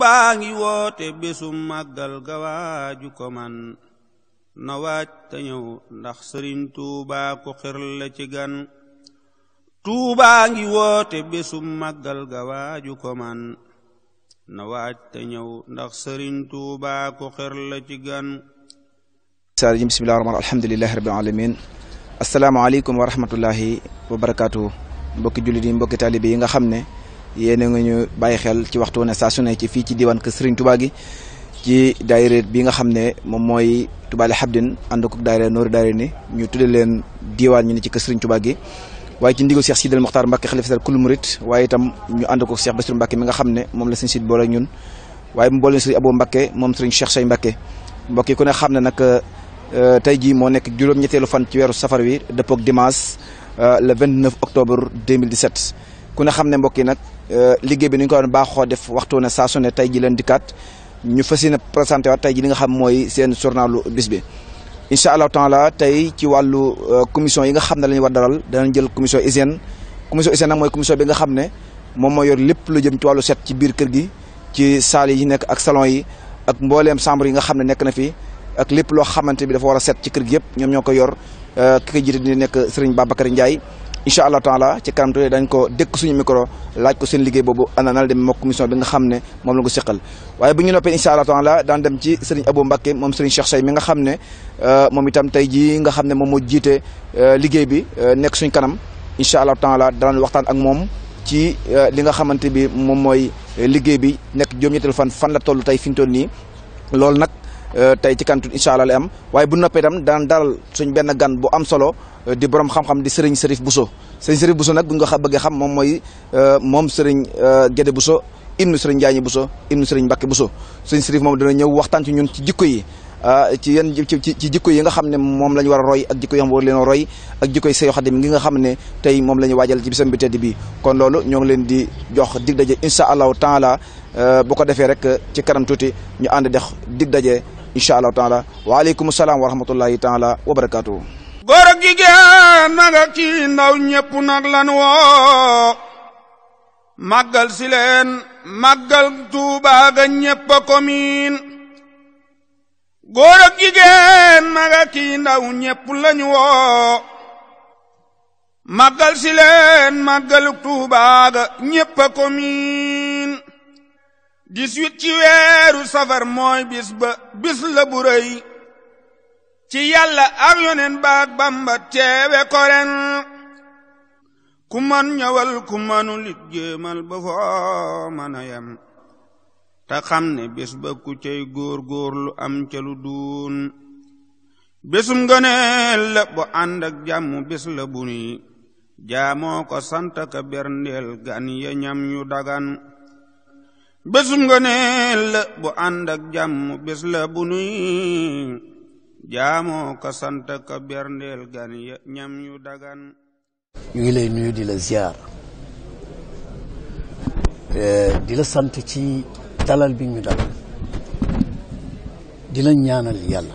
baa ngi woote bésu màggal gawaaju ko man na waaj te ñëw ndax sëriñ tuubaa ko xir la ci gan tuubaa ngi woote bésu màggal gawaaju ko man na waaj te ñëw ndax sëriñ tuubaa ko xir la ci gan saarjim bismillahi rahmaan alhamdulillahi rabbil alamin assalaamu aleykum wa rahmatullahi wa barakaatu mbokki jullit mbokki taalibe yi nga xam ne yéen a nga ñu bàyyi xel ci waxtu ne saa ne ci fii ci diwaan kër Serigne Touba gi ci daayira bi nga xam ne moom mooy Touba li Habdin ànd ko daayira Nooru daayira ni ñu tudde leen diwaan ñu ne ci kër Serigne Touba gi waaye ci ndigal Cheikh Sidil Mokhtar Mbacke xalifa sar kul murit waaye itam ñu ànd ko Cheikh Bassirou Mbacke mi nga xam ne moom la sëñ Sid boole ñun waaye mu boole Serigne Abou moom Serigne Cheikh Say Mbacke mbokk yi ku ne xam ne nag euh, tey jii moo nekk juróom-ñetteelu fan ci weeru safar wi dëppook dimanche euh, le 29 octobre 2017 ku ne xam ne mbokk yi nag Euh, liggéey bi ni ñu ko doon baaxoo def waxtu ne saa su ne tey ji leen dikkaat ñu fas yéene présenté waat tey ji li nga xam mooy seen journalu bis bi incha allahu taala tey ci wàllu euh, commission yi nga xam ne la ñu war dalal danañ jël commission hygiène commission hygiène nag mooy commission bi nga xam ne moom moo yor lépp lu jëm ci wàllu set ci biir kër gi ci salle yi nekk ak salon yi ak mbooleem chambre yi nga xam ne nekk na fi ak lépp loo xamante bi dafa war ci kër yëpp ñoom ñoo ko yor euh, ki ko jiite di nekk Serigne Babacar Ndiaye incha allah taala ci kanam tuuti dañ ko dékk suñu micro laaj ko seen liggéey boobu ana nan la demee mokk mission bi nga xam ne moom la ko seqal waaye bu ñu noppee incha allah taala daan dem ci sëriñ Abou Mbacké moom sëriñ nga xam ne euh, moom itam tey jii nga xam ne moom moo jiite euh, liggéey bi euh, nekk suñ kanam incha allah taala daan waxtaan ak moom ci li nga xamante bi moom mooy liggéey bi nekk juróom-ñetteelu fan fan la toll tey fi ñu toll nii loolu nag Euh, tey ci Kantun incha allah lay am waaye bu noppee itam daan daal suñ benn gan bu am solo euh, di borom xam-xam di Serigne Serif Bousso Serigne Serif Bousso nag bu ñu ko bëggee xam moom mooy euh, moom Serigne Gédé Bousso ibnu Serigne Njaañi Bousso ibnu Serigne Mbacke Bousso Serigne Serif moom dana ñëw waxtaan ci ñun ci jikko yi. Ah, ci yenn ci ci jikko yi nga xam ne moom la war a roy ak jikko yi nga xam ak jikko yi Seex Xaadim ngi nga xam ne tey moom la ñu waajal ci bisam bi tedd bi kon loolu ñoo ngi leen di jox dig daje incha allahu taala bu ko defee rek ci kanam tuuti ñu ànd dex dig daje incha allahu taala waaleykum salaam wa rahmatullahi taala wa barakaatu. góor ak jigéen ma nga ndaw ñëpp nag lan woo màggal si leen màggal Tuuba ga ñëpp a ko miin góor ndaw ñëpp lañ woo màggal si leen màggal Tuuba ga dix-huit ci weeru safar mooy bis bis la bu ci yàlla ak yonen baak bamba teewe ko ren ku man ñëwal ku manu lit ba foo mën a yem ne bis ku cey góor góor lu am ca lu duun bésum ngëneel la bu ànd jàmm bis la bu jaamoo ko sant ka berndeel gan ya ñam yu dagan bésum ngoneel la bu ànd ak jàmm bés la bu nuy jaamoo ka sant ka berndeel gan ñam yu dagan ñu ngi lay nuyu di la ziar eh, di la sant ci dalal bi ñu dalal di la ñaanal yàlla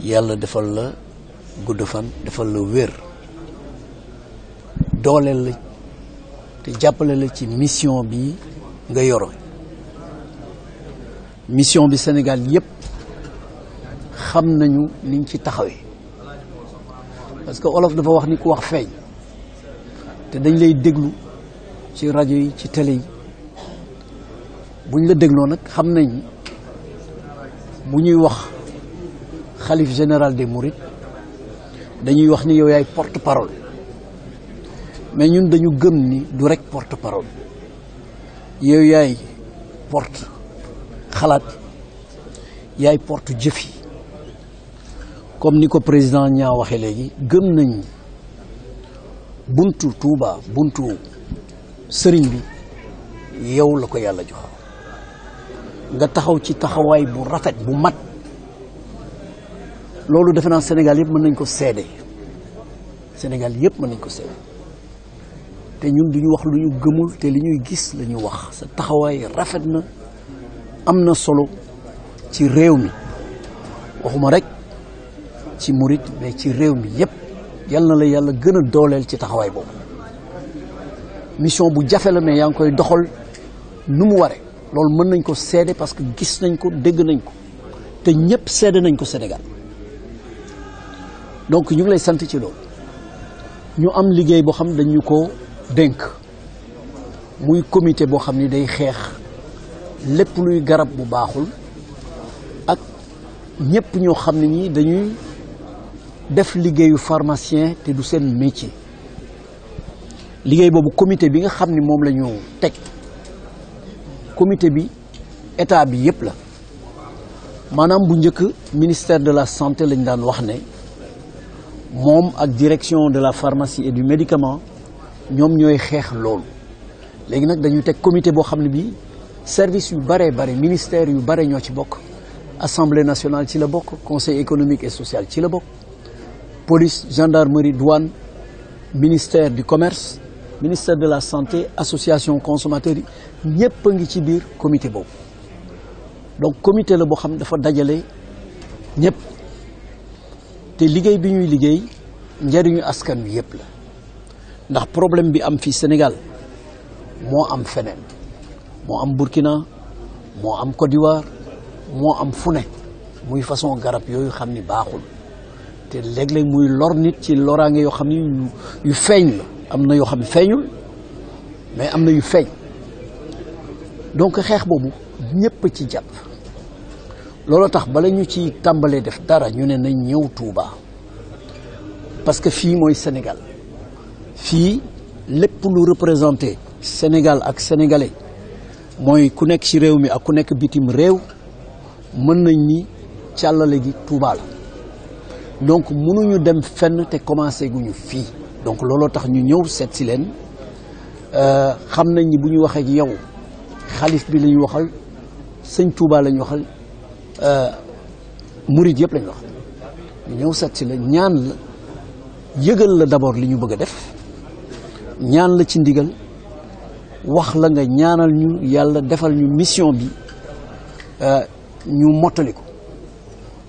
yàlla defal la gudd defal la wér dooleel la te jàppale la ci mission bi nga yoro mission bi Sénégal yépp xam nañu niñ ci taxawee parce que olof dafa wax ni ku wax feeñ te dañ lay déglu ci rajo yi ci télé yi buñ la dégloo nag xam nañ mu ñuy wax xalif général des mourides dañuy wax ni yow yaay porte parole mais ñun dañu gëm ni du rek porte parole yow yaay porte xalaat yaay porte jëf yi comme ni ko président ñaa waxee léegi gëm nañ buntu Touba buntu sëriñ bi yow la ko yàlla jox nga taxaw ci taxawaay bu rafet bu mat loolu defe naa Sénégal yëpp mën nañ ko seede Sénégal yëpp mën nañ ko seede te ñun du ñu wax lu ñu gëmul te lu ñuy gis la ñu wax sa taxawaay rafet na am na solo ci réew mi waxuma rek ci murit ci réew mi yépp yal na la yàlla gën dooleel ci taxawaay boobu mission bu jafe la mais yaa ngi koy doxal nu mu ware loolu mën nañ ko seede parce que gis nañ ko dégg nañ ko te ñëpp seede nañ ko Sénégal donc ñu ngi lay sant ci loolu ñu am liggéey boo xam dañu ko dénk muy comité boo xam ni day xeex lépp luy garab bu baaxul ak ñëpp ñoo xam ne ñi dañuy def liggéeyu pharmacien te du seen métier liggéey boobu comité bi nga xam ni moom la ñu teg comité bi état bi yëpp la maanaam bu njëkk ministère de la santé lañ daan wax ne moom ak direction de la pharmacie et du médicament ñoom ñooy xeex loolu léegi nag dañu teg comité boo xam ne bii service yu bare bare ministère yu bare ñoo ci bokk assemblée nationale ci la bokk conseil économique et social ci la bokk police gendarmerie douane ministère du commerce ministère de la santé association consommateurs yi ñëpp a ngi ci biir comité boobu donc comité la boo xam ne dafa dajale ñëpp te liggéey bi ñuy liggéey njëriñu askan wi yëpp la ndax problème bi am fii Sénégal moo am feneen moo am Burkina moo am Côte d'Ivoire moo am fune muy façon garab yooyu xam ni baaxul te léeg-léeg muy lor nit ci loraange yoo xam ni yu feeñ la am na yoo xam ne feeñul mais am na yu feeñ donc xeex boobu ñépp ci jàpp loolu tax bala ñu ci tàmbalee def dara ñu ne na ñëw Touba parce que fii mooy Sénégal fii lépp lu représenté Sénégal ak sénégalais mooy ku nekk ci réew mi ak ku nekk bitim réew mën nañ ni càllale gi Touba donc mënuñu dem fenn te commencé guñu fii donc looloo tax ñu ñëw seet si leen euh, xam nañ ni bu ñu waxee ak yow xalif bi la waxal sëñ Touba la ñu waxal euh, murit yëpp la ñu wax ñu ñëw seet la ñaan la yëgal la d'abord li ñu bëgg a def ñaan la ci ndigal wax la nga ñaanal ñu yàlla defal ñu mission bi euh, ñu mottali ko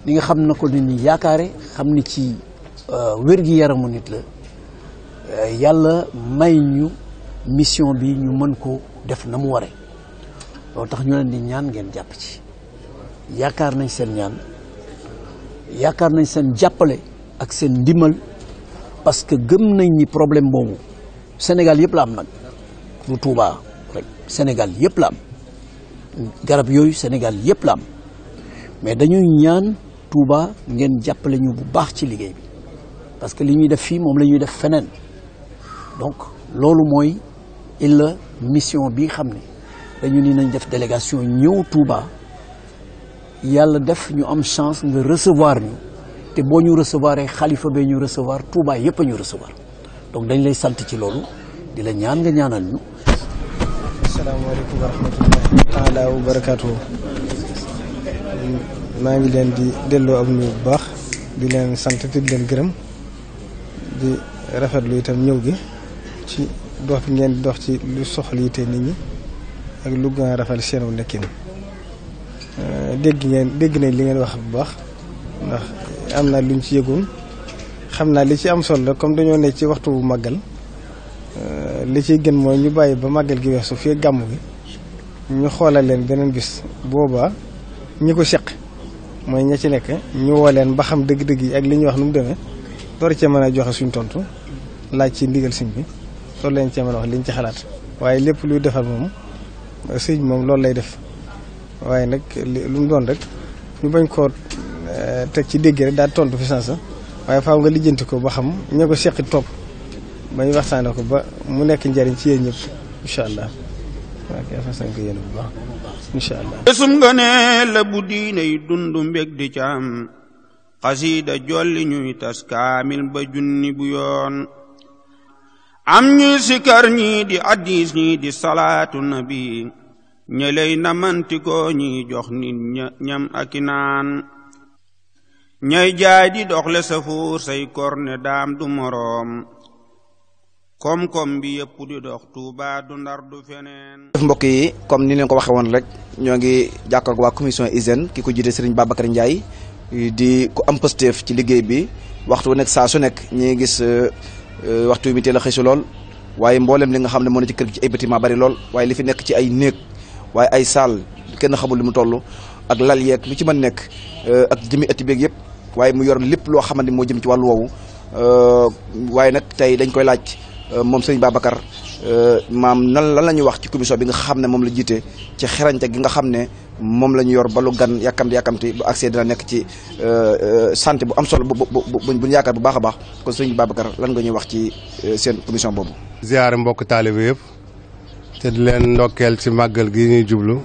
li nga xam na ko ni ñu yaakaare xam ni ci euh, wér-gi-yaramu nit la euh, yàlla may ñu mission bi ñu mën ko def na mu ware loolu tax ñu leen di ñaan ngeen jàpp ci yaakaar nañ seen ñaan yaakaar nañ seen jàppale ak seen ndimmal parce que gëm nañ ñi problème boobu Sénégal yëpp la am nag du Touba Sénégal yëpp la am garab yooyu Sénégal yëpp la am mais dañuy ñaan Touba ngeen jàppale ñu bu baax ci liggéey bi parce que li ñuy def fii moom la ñuy def feneen donc loolu mooy la mission bi xam ne dañu ni nañ def délégation ñëw Touba yàlla def ñu am chance nga recevoir ñu te boo ñu recevoir xalifa bee ñu recevoir Touba yëpp a ñu recevoir donc dañ lay sant ci loolu di ñaan nga ñaanal ñu. asalaamaaleykum wa rahmatullahi taala wa barakaatu. maa ngi leen di delloo am nuyu bu baax di leen sant te leen gërëm di rafetlu itam ñëw gi ci dox bi ngeen di dox ci lu soxla yite nit ñi ak lu gën a rafet seen wu nekkin euh, dégg ngeen dégg nañ li ngeen wax bu baax ndax am na luñ ci yëgoon. xam naa li ci am sol la comme dañoo ne ci waxtu bu màggal euh, li ciy gën mooy ñu bàyyi ba màggal gi weesu fii gàmm gi ñu xoolal leen beneen bis boobaa ñi ko seq mooy ña ci nekk ñu woo leen ba xam dëgg-dëgg yi ak li ñuy wax nu mu demee door cee mën a joxe suñ tontu laaj ci ndigal sëñ bi loolu lañ cee mën a wax liñ ci xalaat waaye lépp luy defar moom sëñ moom loolu lay def waaye nag lu mu doon rek ñu bañ koo euh, teg ci dégg rek daal tontu fi sansa waaye faaw nga lijjanti ko ba xam ña ko seqi topp ba ñu waxtaane ko ba mu nekk njariñ ci yéen ñëpp incha allah waaw nga ne la bu diine yi dund mbég di ca am jolli ñuy tas kaamil ba junni bu yoon am ñuy sikar ñii di addis ñii di salaatu nabi ñëley na mantikoo ñiy jox nit ñam ak ñooy jaay di doxle sa fuur say korne daam du moroom kom koom bi yëpp di dox Touba du Ndar du feneen. def mbokk yi comme ni leen ko waxee woon rek ñoo ngi jàkkaarloog waa commission hygiène ki ko jiite Serigne Babacar Ndiaye di ko am Pastef ci liggéey bi waxtu wu nekk saa su nekk ñi ngi gis euh, waxtu bi teel a xëy lool waaye mboolem li nga xam ne moo ne ci kër gi ci ay bâtiment bari lool waaye li fi nekk ci ay néeg waaye ay salle kenn xamul li mu toll ak lal yeeg lu ci mën nekk euh, ak jëmi yëpp. waaye mu yor lépp loo xamante moo jëm ci wàllu woowu euh, waaye nag tey dañ koy laaj euh, moom sëñ Babacar euh, maam nan lan la ñuy wax ci commission bi nga xam ne moom la jiite ci xerañte gi nga xam ne moom la ñu yor ba gan yàkkamti yàkkamti bu accès dina nekk ci sant bu am solo bu bu bu yaakaar bu baax a baax kon sëñ Babacar lan nga ñuy wax ci seen commission boobu. ziare mbokk taalibe yëpp te di leen ndokkeel ci màggal gi ñuy jublu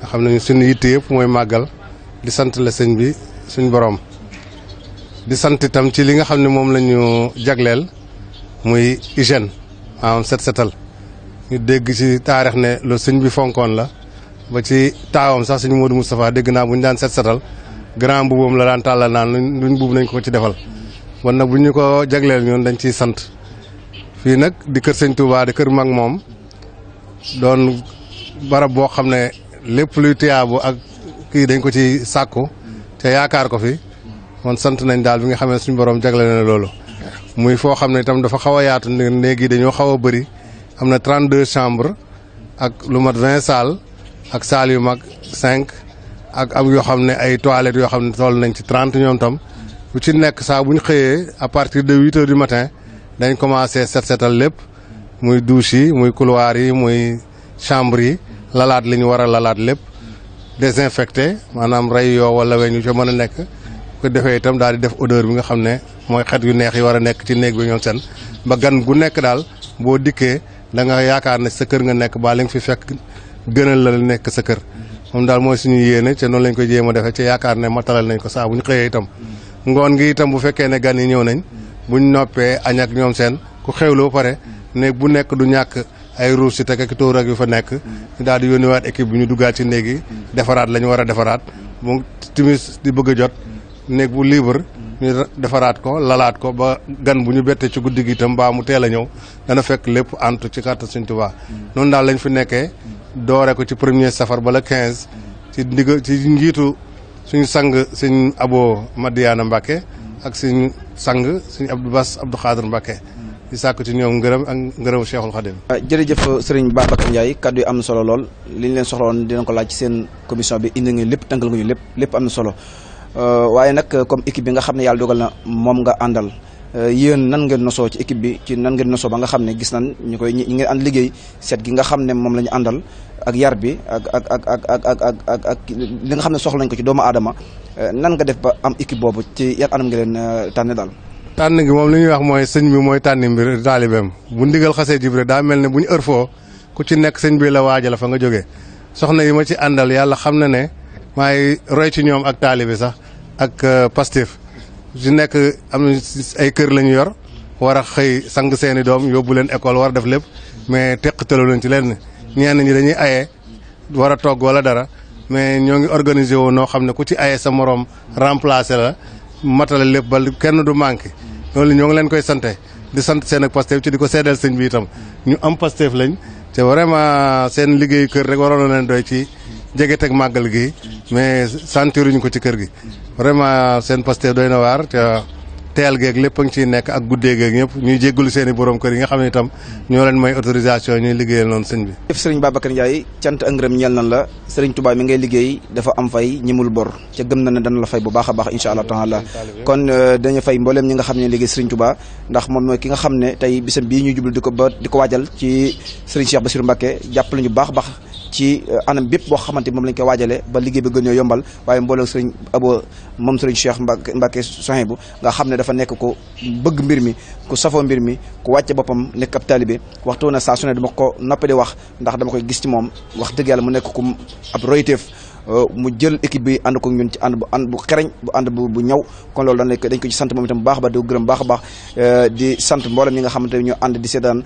nga xam ne suñu yitte yëpp mooy màggal di sant la sëñ bi suñ borom. di sant itam ci li nga xam ne moom lañu jagleel muy hygiène maanaam set setal dégg ci taarix ne lu sëñ bi fonkoon la ba ci taawam sax sëñ Modou Moustapha dégg naa bu ñu daan set setal grand buubam la daan tàllal naan luñ buub nañ ko ci defal wan nag bu ñu ko jagleel ñoon dañ ciy sant fii nag di kër sëñ Touba di kër mag moom doon barab boo xam ne lépp luy tiyaabu ak kii dañ ko ci sàkku te yaakaar ko fi kon sant nañ daal bi nga xam ne suñu borom jagle na loolu muy foo xam ne itam dafa xaw a yaatu néeg yi dañoo xaw a bëri am na 32 chambres ak lu mat 20 salles ak salles yu mag 5 ak am yoo xam ne ay toilettes yoo xam ne toll nañ ci 30 ñoom tam bu ci nekk saa bu ñu xëyee à partir de 8 heures du matin dañ commencé set setal lépp muy douche yi muy couloir yi muy chambre yi lalaat li ñu war a lalaat lépp désinfecté maanaam rey yoo wala weñ yu ca mën a nekk. ko defee itam daal di def odeur bi nga xam ne mooy xet yu neex yi war a nekk ci néeg bi ñoom seen ba gan gu nekk daal boo dikkee da nga yaakaar na sa kër nga nekk baa li nga fi fekk gënal la nekk sa kër moom daal mooy suñu yéene ca noonu lañ koy jéem a defee ca yaakaar ne matalal nañ ko saa bu ñu xëyee itam ngoon gi itam bu fekkee ne gan yi ñëw nañ buñ noppee añ ak ñoom seen ku xewloo pare néeg bu nekk du ñàkk ay ruus si teg ak tóor yu fa nekk daal di yónniwaat équipe bi ñu duggaat ci néegi yi defaraat la ñu war a defaraat moom timis di bëgg a jot néeg bu libre ñu defaraat ko lalaat ko ba gan bu ñu bettee ci guddi gi itam mbaa mu teel a ñëw dana fekk lépp entre ci kàttan Sëñ Tuubaa noon daal lañ fi nekkee doore ko ci premier safar bala quinze ci ndiga ci njiitu suñ sang sëñ Abo Madiana Mbacke ak suñu sang suñ Abdou Bass Abdou Khadir Mbacke di sàkk ci ñoom ngërëm ak ngërëm Cheikhul Khadim ah, jërëjëf uh, sëriñ Babacar Ndiaye kaddu yi am na solo lool li ñu leen soxla woon dinañ ko laaj ci seen commission bi indi ngeen lépp tënkal nga lépp lépp am na solo Euh, waaye nag euh, comme équipe bi nga xam ne yàlla dogal na moom nga àndal euh, yéen nan ngeen nosoo ci équipe bi ci nan ngeen nosoo ba nga xam ne gis nan ñu koy ñi ngeen ànd liggéey set gi nga xam ne moom la ñu àndal ak yar bi ak ak ak ak ak ak ak ak li nga xam ne soxla nañ ko ci doomu aadama nan nga def ba am équipe boobu ci yan anam nga leen daal tànn gi moom li ñuy wax mooy sëñ bi mooy tànn mbir taalibeem bu ndigal xasee jibre daa mel ne bu ñu ër foo ku ci nekk sëñ bi la waajal fa nga jógee soxna yi ma ci àndal yàlla xam na ne maay roy ci ñoom ak taalibe sax ak euh, Pastef su nekk am ay kër la ñu yor war a xëy sang seeni doom yóbbu leen école war a def lépp mais teqtalu leen ci leen ñenn ñi dañuy aye war a togg wala dara mais ñoo ngi organisé woo noo xam ne ku ci aye sa moroom remplacé la matale lépp ba kenn du manqué loolu ñoo ngi leen koy sante di sant seen ak Pastef ci di ko seedeel sëñ bi itam ñu am Pastef lañ te vraiment seen liggéeyu kër rek waroon na leen doy ci jege teg màggal gi mais sentiruñu ko ci kër gi vraiment seen Pastef doy na waar te teel geeg lépp a ngi ciy nekk ak guddee geeg ñëpp ñuy jéggulu seen i borom kër yi nga xam ne itam ñoo leen may autorisation ñuy liggéeyal noonu sëñ bi. jëf sëriñ Babacar Ndiaye cant nan la sëriñ Touba mi ngay liggéey dafa am fay ñimul bor ca gëm na ne dana la fay bu baax a baax incha allah taala kon euh, dañu fay mbooleem ñi nga xam ne liggéey sëriñ Touba ndax moom mooy ki nga xam ne tey bisam bii ñu jublu di ko di ko waajal ci sëriñ Cheikh Bassirou Mbacké jàppale ñu baax baax ci euh, anam bépp boo xamante moom lañ koy waajale ba liggéey bi gën ñoo yombal waaye mbooloo sëriñ abo moom sëriñ Cheikh Mbacke soxin bu nga xam ne dafa nekk ko bëgg mbir mi ku safoo mbir mi ku wàcce boppam nekk ab taalibe waxtu na saa su ne dama ko noppi di wax ndax dama koy gis ci moom wax dëgg mu nekk ku ab royteef euh, mu jël équipe bi ànd ko ñun ci ànd bu ànd bu xereñ bu ànd bu bu ñëw kon loolu dañ ko dañ ko ci sant moom itam bu baax ba di gërëm baax baax euh, di sant mboolem nga xamante ne ñoo ànd di seetaan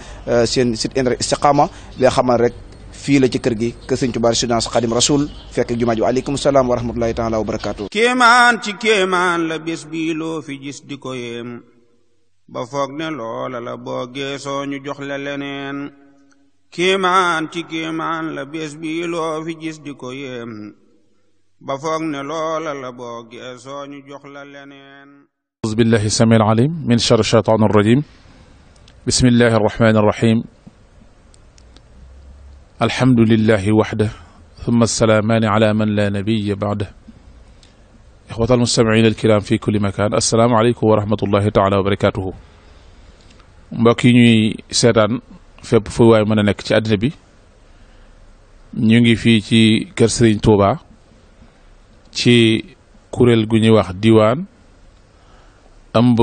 seen site internet Istikhama li nga xamal rek fii la ci kër gi kër sëñ Tuubaa résidence Xadim Rasul fekk jumaa ji salaam wa rahmatullahi taala wa barakaatu kéemaan ci kéemaan la bés bii loo fi gis di ko yéem ba foog ne loola la boo geesoo ñu jox leneen kéemaan ci kéemaan la bés bii loo fi gis di ko yéem ba foog ne ñu jox la leneen alhamdulillahi waxda thumma salaamaani ala man laa nabiya baada ixwata almustamiin alkiram fi kulli makaan asalaamaaleykum wa rahmatullahi taala wa barakatuhu mbokk yi ñuy seetaan fépp fu waay mën a nekk ci àddina bi ñu ngi fii ci kër Sëriñ Tuuba ci kuréel gu ñuy wax diwaan ëmb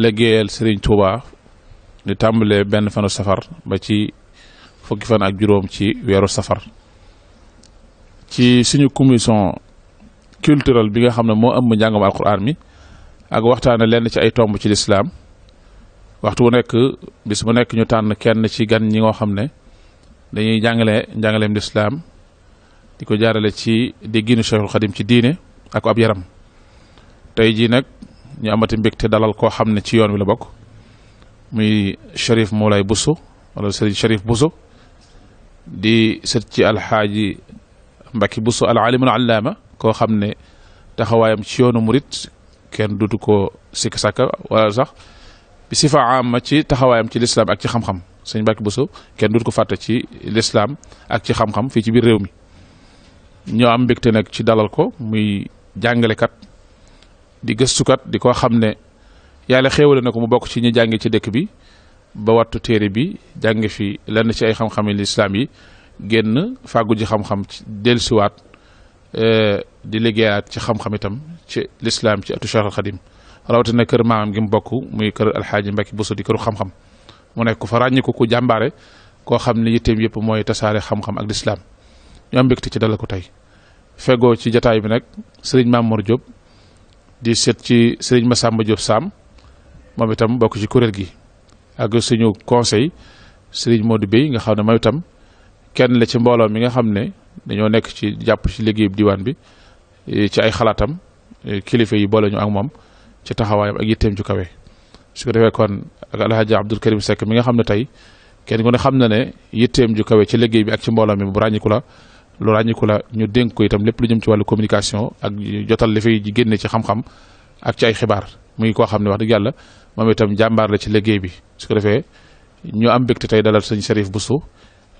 liggéeyal Sëriñ Tuuba di tàmbalee benn fanu safar fukki fan ak juróom ci weeru safar ci suñu commission culturelle bi nga xam ne moo am ëmb njàngam alquran mi ak waxtaan lenn ci ay tomb ci lislaam waxtu wu nekk bis bu nekk ñu tànn kenn ci gan ñi nga xam ne dañuy jàngale njàngaleem lislaam di ko jaarale ci dégginu Cheikhul Xadim ci diine ak ab yaram tey jii nag ñu amati mbégte dalal koo xam ne ci yoon wi la bokk muy Cherif Moulay Bousso wala Serigne Cherif Bousso di set ci alxaaji Mbacke Bousso al alimul allaama koo xam ne taxawaayam ci yoonu murit kenn dutu ko sikk sàkka wala sax bi sifa ama ci taxawaayam ci lislaam ak ci xam-xam sëñ mbaki busu kenn dutu ko fàtte ci lislaam ak ci xam-xam fii ci biir réew mi ñoo am mbégte nag ci dalal ko muy jàngalekat di gëstukat di ko xam ne yàlla xéewale na ko mu bokk ci ñi jànge ci dëkk bi ba wattu téere bi jàng fi lenn ci ay xam-xami lislaam yi génn fàggu ji xam-xam dellusiwaat eh, di liggéeyaat ci xam-xam itam ci lislaam ci atu Cheikh Xadim rawatina kër maamam gi mu bokk muy kër alxaaji Mbacke Bousso di këru xam-xam mu nekk ku fa ràññiku ku jàmbaare koo xam ne yitteem yëpp mooy tasaare xam-xam ak lislaam ñu am ci dalal ko tey fegoo ci jataay bi nag sëriñ Mamour Diop di seet ci sëriñ Massamba job Sam moom itam mbokk ci kuréel gi ak suñu conseil Serigne Modou Bey nga xam ne mooy itam kenn la ci mbooloo mi nga xam ne dañoo nekk ci jàpp ci liggéeyu diwaan bi eh, ci ay xalaatam eh, kilifa yi boole ñu ak moom ci taxawaayam ak yitteem ju kawe. su ko kon ak El Hadj Abdoul Karim Seck mi nga xam ne tey kenn ku ne xam na ne yitteem ju ci liggéey bi ak ci mbooloo bu ràññiku la lu ràññiku la ñu dénk ko itam lépp lu jëm ci wàllu communication ak jotal li fay génne ci xam-xam ak ci ay xibaar muy koo xam ne wax dëgg yàlla. moom itam jàmbaar la ci liggéey bi su ko defee ñu am mbégte tey dalal sëñ Cherif Bousso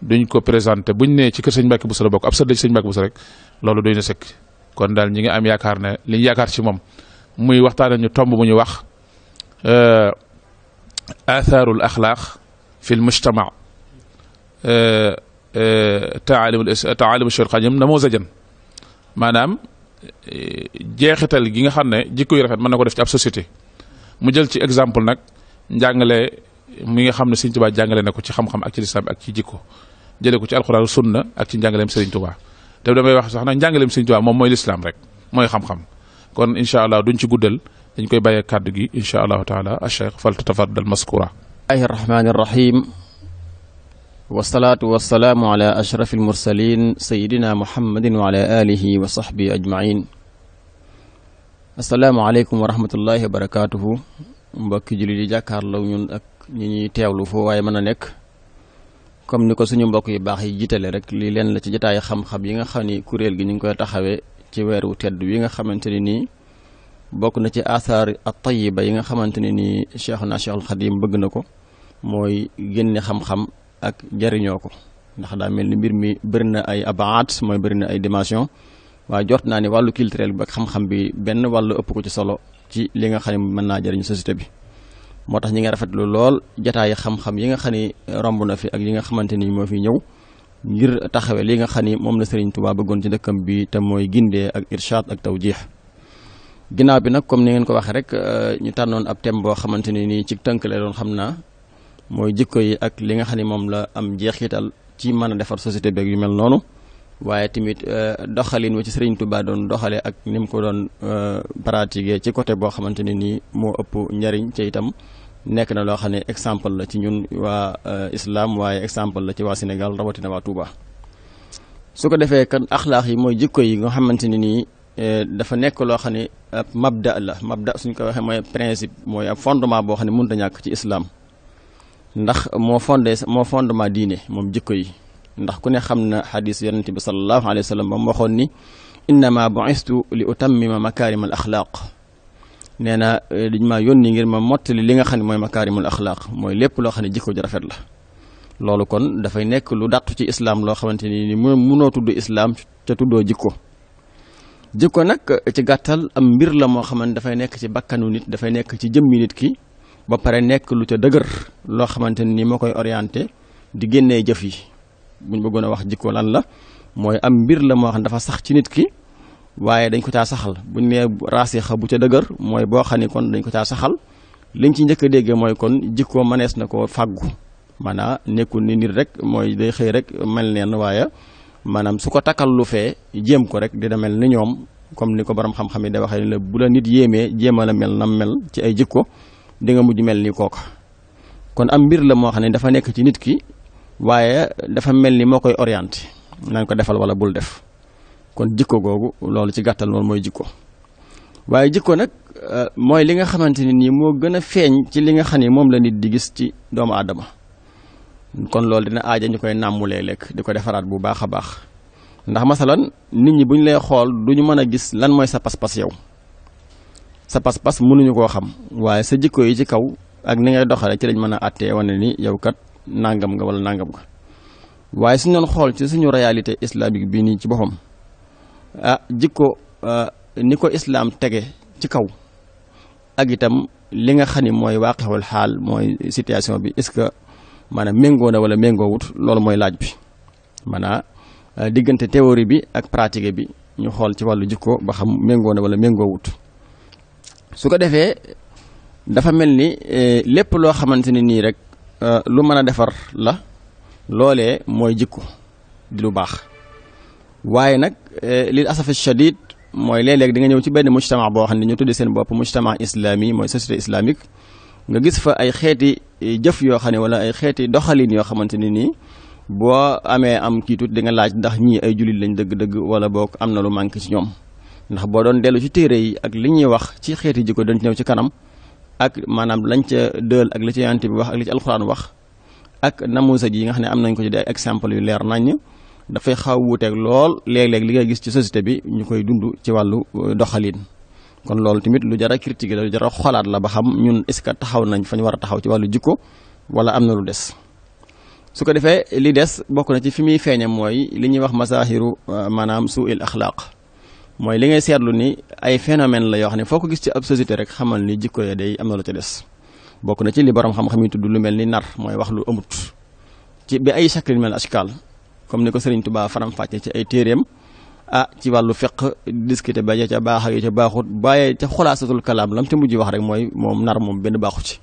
duñ ko présenté buñ nee ci kër sëñ Mbacke Bousso la bokk ab sët la ci sëñ Mbacke Bousso rek loolu doy na sëkk kon daal ñi ngi am yaakaar ne li ñu yaakaar ci moom muy waxtaan ñu tomb bu ñu wax euh, atharul axlaaq fi l mujtama taalim euh, euh, taalimu Cheikh Xadim namoozajan maanaam jeexital gi nga xam ne jikko yu rafet mën na ko def ci ab société mu jël ci exemple nag njàngale mi nga xam ne Sëriñ Tuubaa jàngale na ko ci xam-xam ak ci lislaam ak ci jikko jëlee ko ci alxuraan sunna ak ci njàngaleem Sëriñ Tuubaa te damay wax sax nag njàngaleem Sëriñ Tuubaa moom mooy lislaam rek mooy xam-xam kon incha allah duñ ci guddal dañ koy bàyyee kàddu gi incha allahu taala acheikh fal tatafaddal maskura bismillahi rahmaani rahim wasalaatu wasalaamu ala ashraf almursalin sayidina muhammadin wa ala alihi wa sahbihi ajmain asalaamaaleykum wa rahmatullahi wa barakaatuhu mbokki jullit yi jàkkaarloo ñun ak ñi ñuy teewlu foo waaye mën a nekk comme ni ko suñu mbokk yu baax yi jiitale rek lii leen la ci jotaayu xam-xam yi nga xam ni kuréel gi ñu ngi koy taxawee ci weeru tedd wi nga xamante ne nii bokk na ci athar at tayiba yi nga xamante ne nii Cheikhuna Cheikhul Xadim bëgg na ko mooy génne xam-xam ak jariñoo ko ndax daa mel ni mbir mi bëri na ay abaat mooy bëri na ay dimension waa jot naa ne wàllu culturel bi ak xam-xam bi benn wàllu ëpp ko ci solo ci li nga xam ne mën naa jëriñu société bi moo tax ñi nga rafetlu lool jataay xam yi nga xam ni romb na fi ak yi nga xamante ni moo fi ñëw ngir taxawe li nga xam ni moom la Serigne Touba bëggoon ci dëkkam bi te mooy gindee ak irshad ak tawjih ginnaaw bi nag comme ni ngeen ko waxee rek euh, ñu tànnoon ab thème boo xamante ni nii ci tënk la doon xam naa mooy jikko yi ak li nga xam ni moom la am jeexital ci mën a defar société beeg yu mel noonu waaye tamit euh, doxalin wa ci Serigne Touba doon doxale ak ni mu ko doon euh, pratiquer ci côté boo xamante ne nii moo ëpp njariñ ci itam nekk na loo xam ne exemple la ci ñun waa euh, islam waaye exemple la ci waa Sénégal rawatina waa Touba. su ko defee kan axlaax yi mooy jikko yi nga xamante ne nii dafa nekk loo xam ne ab mabda la mabda suñ ko waxee mooy principe mooy ab fondement boo xam ne mënut a ñàkk ci islam ndax moo fondé moo fondement diine moom jikko yi. ndax ku ne xam na xadis yonente bi sallallahu alayhi wa sallam ba mu waxoon ni innama bu'istu li utammima makaarimal axlaaq nee na eh, dañ yoon yónni ngir ma mottali li nga xam ne mooy makaarimul axlaaq mooy lépp loo xam ne jikko ju rafet la loolu kon dafay nekk lu dàqu ci islaam loo xamante ni ni munoo tudd islaam ca tuddoo jikko jikko nag ci gàttal am mbir la moo xam ne dafay nekk ci bakkanu nit dafay nekk ci jëmmi nit ki ba pare nekk lu ca dëgër loo xamante nii moo koy orienté di génnee jëf yi buñ bëggoon a wax jikko lan la mooy am mbir la moo xam ne dafa sax ci nit ki waaye dañ ko caa saxal bu buñ nee raasixa bu ca dëgër mooy boo xam ni kon dañ ko caa saxal liñ ci njëkk a déggee mooy kon jikko manees na koo fàggu maanaam nekkul ni nit rek mooy day xëy rek mel neen waaye maanaam su ko takkal lu fee jéem ko rek dina mel ni ñoom comme ni ko borom xam-xam yi waxee ni bu la nit yéemee jéem mel nam mel ci ay jikko di nga mujj mel ni kooka kon am ne dafa nekk ci nit ki waaye dafa mel ni moo koy orienté nañ ko defal wala bul def kon jikko googu loolu ci gàttal loolu mooy jikko waaye jikko nag euh, mooy li nga xamante ne nii moo gën a feeñ ci li nga xam ne moom la nit di gis ci doomu aadama kon loolu dina aaja ñu koy nàmmulee lekk di ko defaraat bu baax a baax ndax masalan nit ñi bu ñu lay xool du ñu mën a gis lan mooy sa pas-pas yow sa pas-pas mënuñu koo xam waaye sa jikko yi ci kaw ak ni ngay doxale ci lañ mën a àttee wane ni yow kat nangam nga wala nangam waaye suñu doon xool ci suñu réalité islamique bi nii ci boppam ah jikko ah, ni ko islaam tege ci kaw ak itam li nga xam ni mooy waaqewul xaal mooy situation bi est-ce que maanaam méngoo na wala méngoowut loolu mooy laaj bi maanaam ah, diggante théorie bi ak pratique bi ñu xool ci wàllu jikko ba xam méngoo na wala méngoowut su ko defee dafa mel ni eh, lépp loo xamante ni nii rek Euh, lu mën a defar la loolee mooy jikko di lu baax waaye nag euh, lil asafi shadid mooy léeg-léeg di ñëw ci benn mujtama boo xam ne ñu tuddee seen bopp mujtama islami mooy société islamique nga gis fa ay xeeti euh, jëf yoo xam ne wala ay xeeti doxalin yoo xamante ne nii boo amee am kii tuuti laaj ndax ñii ay jullit lañ dëgg-dëgg wala boog am na lu manqué ci ñoom ndax boo doon dellu ci téere yi ak li ñuy wax ci xeeti jikko dañ ci ñëw ci kanam ak maanaam lañ ca dël ak la ci yonent bi wax ak la ci alxuraan wax ak namusa ji nga xam ne am nañ ko ci ay exemple yu leer nañ dafay xaw wuuteeg lool léeg li ngay gis ci société bi ñu koy dund ci wàllu euh, doxalin kon loolu tamit lu jar a critique la lu jar xolaat la ba xam ñun est-ce que taxaw nañ fa ñu war a taxaw ci wàllu jikko wala am na lu des su ko defee li des bokk na ci fi muy feeñe mooy li ñuy wax masaahiru euh, maanaam suu il axlaaq mooy li ngay seetlu ni ay phénomène la yoo xam ne foo ko gis ci ab société rek xamal ni jikko ya day am na lu ca des bokk na ci li borom xam-xam yi tudd lu mel ni nar mooy wax lu amut ci bi ay shaklin mel ashkal comme ni ko Sëriñ Tuubaa faram-fàcce ci ay téeréem ah ci wàllu fiq discuter ba ya ca baax ya ca baaxut bàyyee ca xulaasatul kalaam lam ca mujj wax rek mooy moom nar moom benn baaxu ci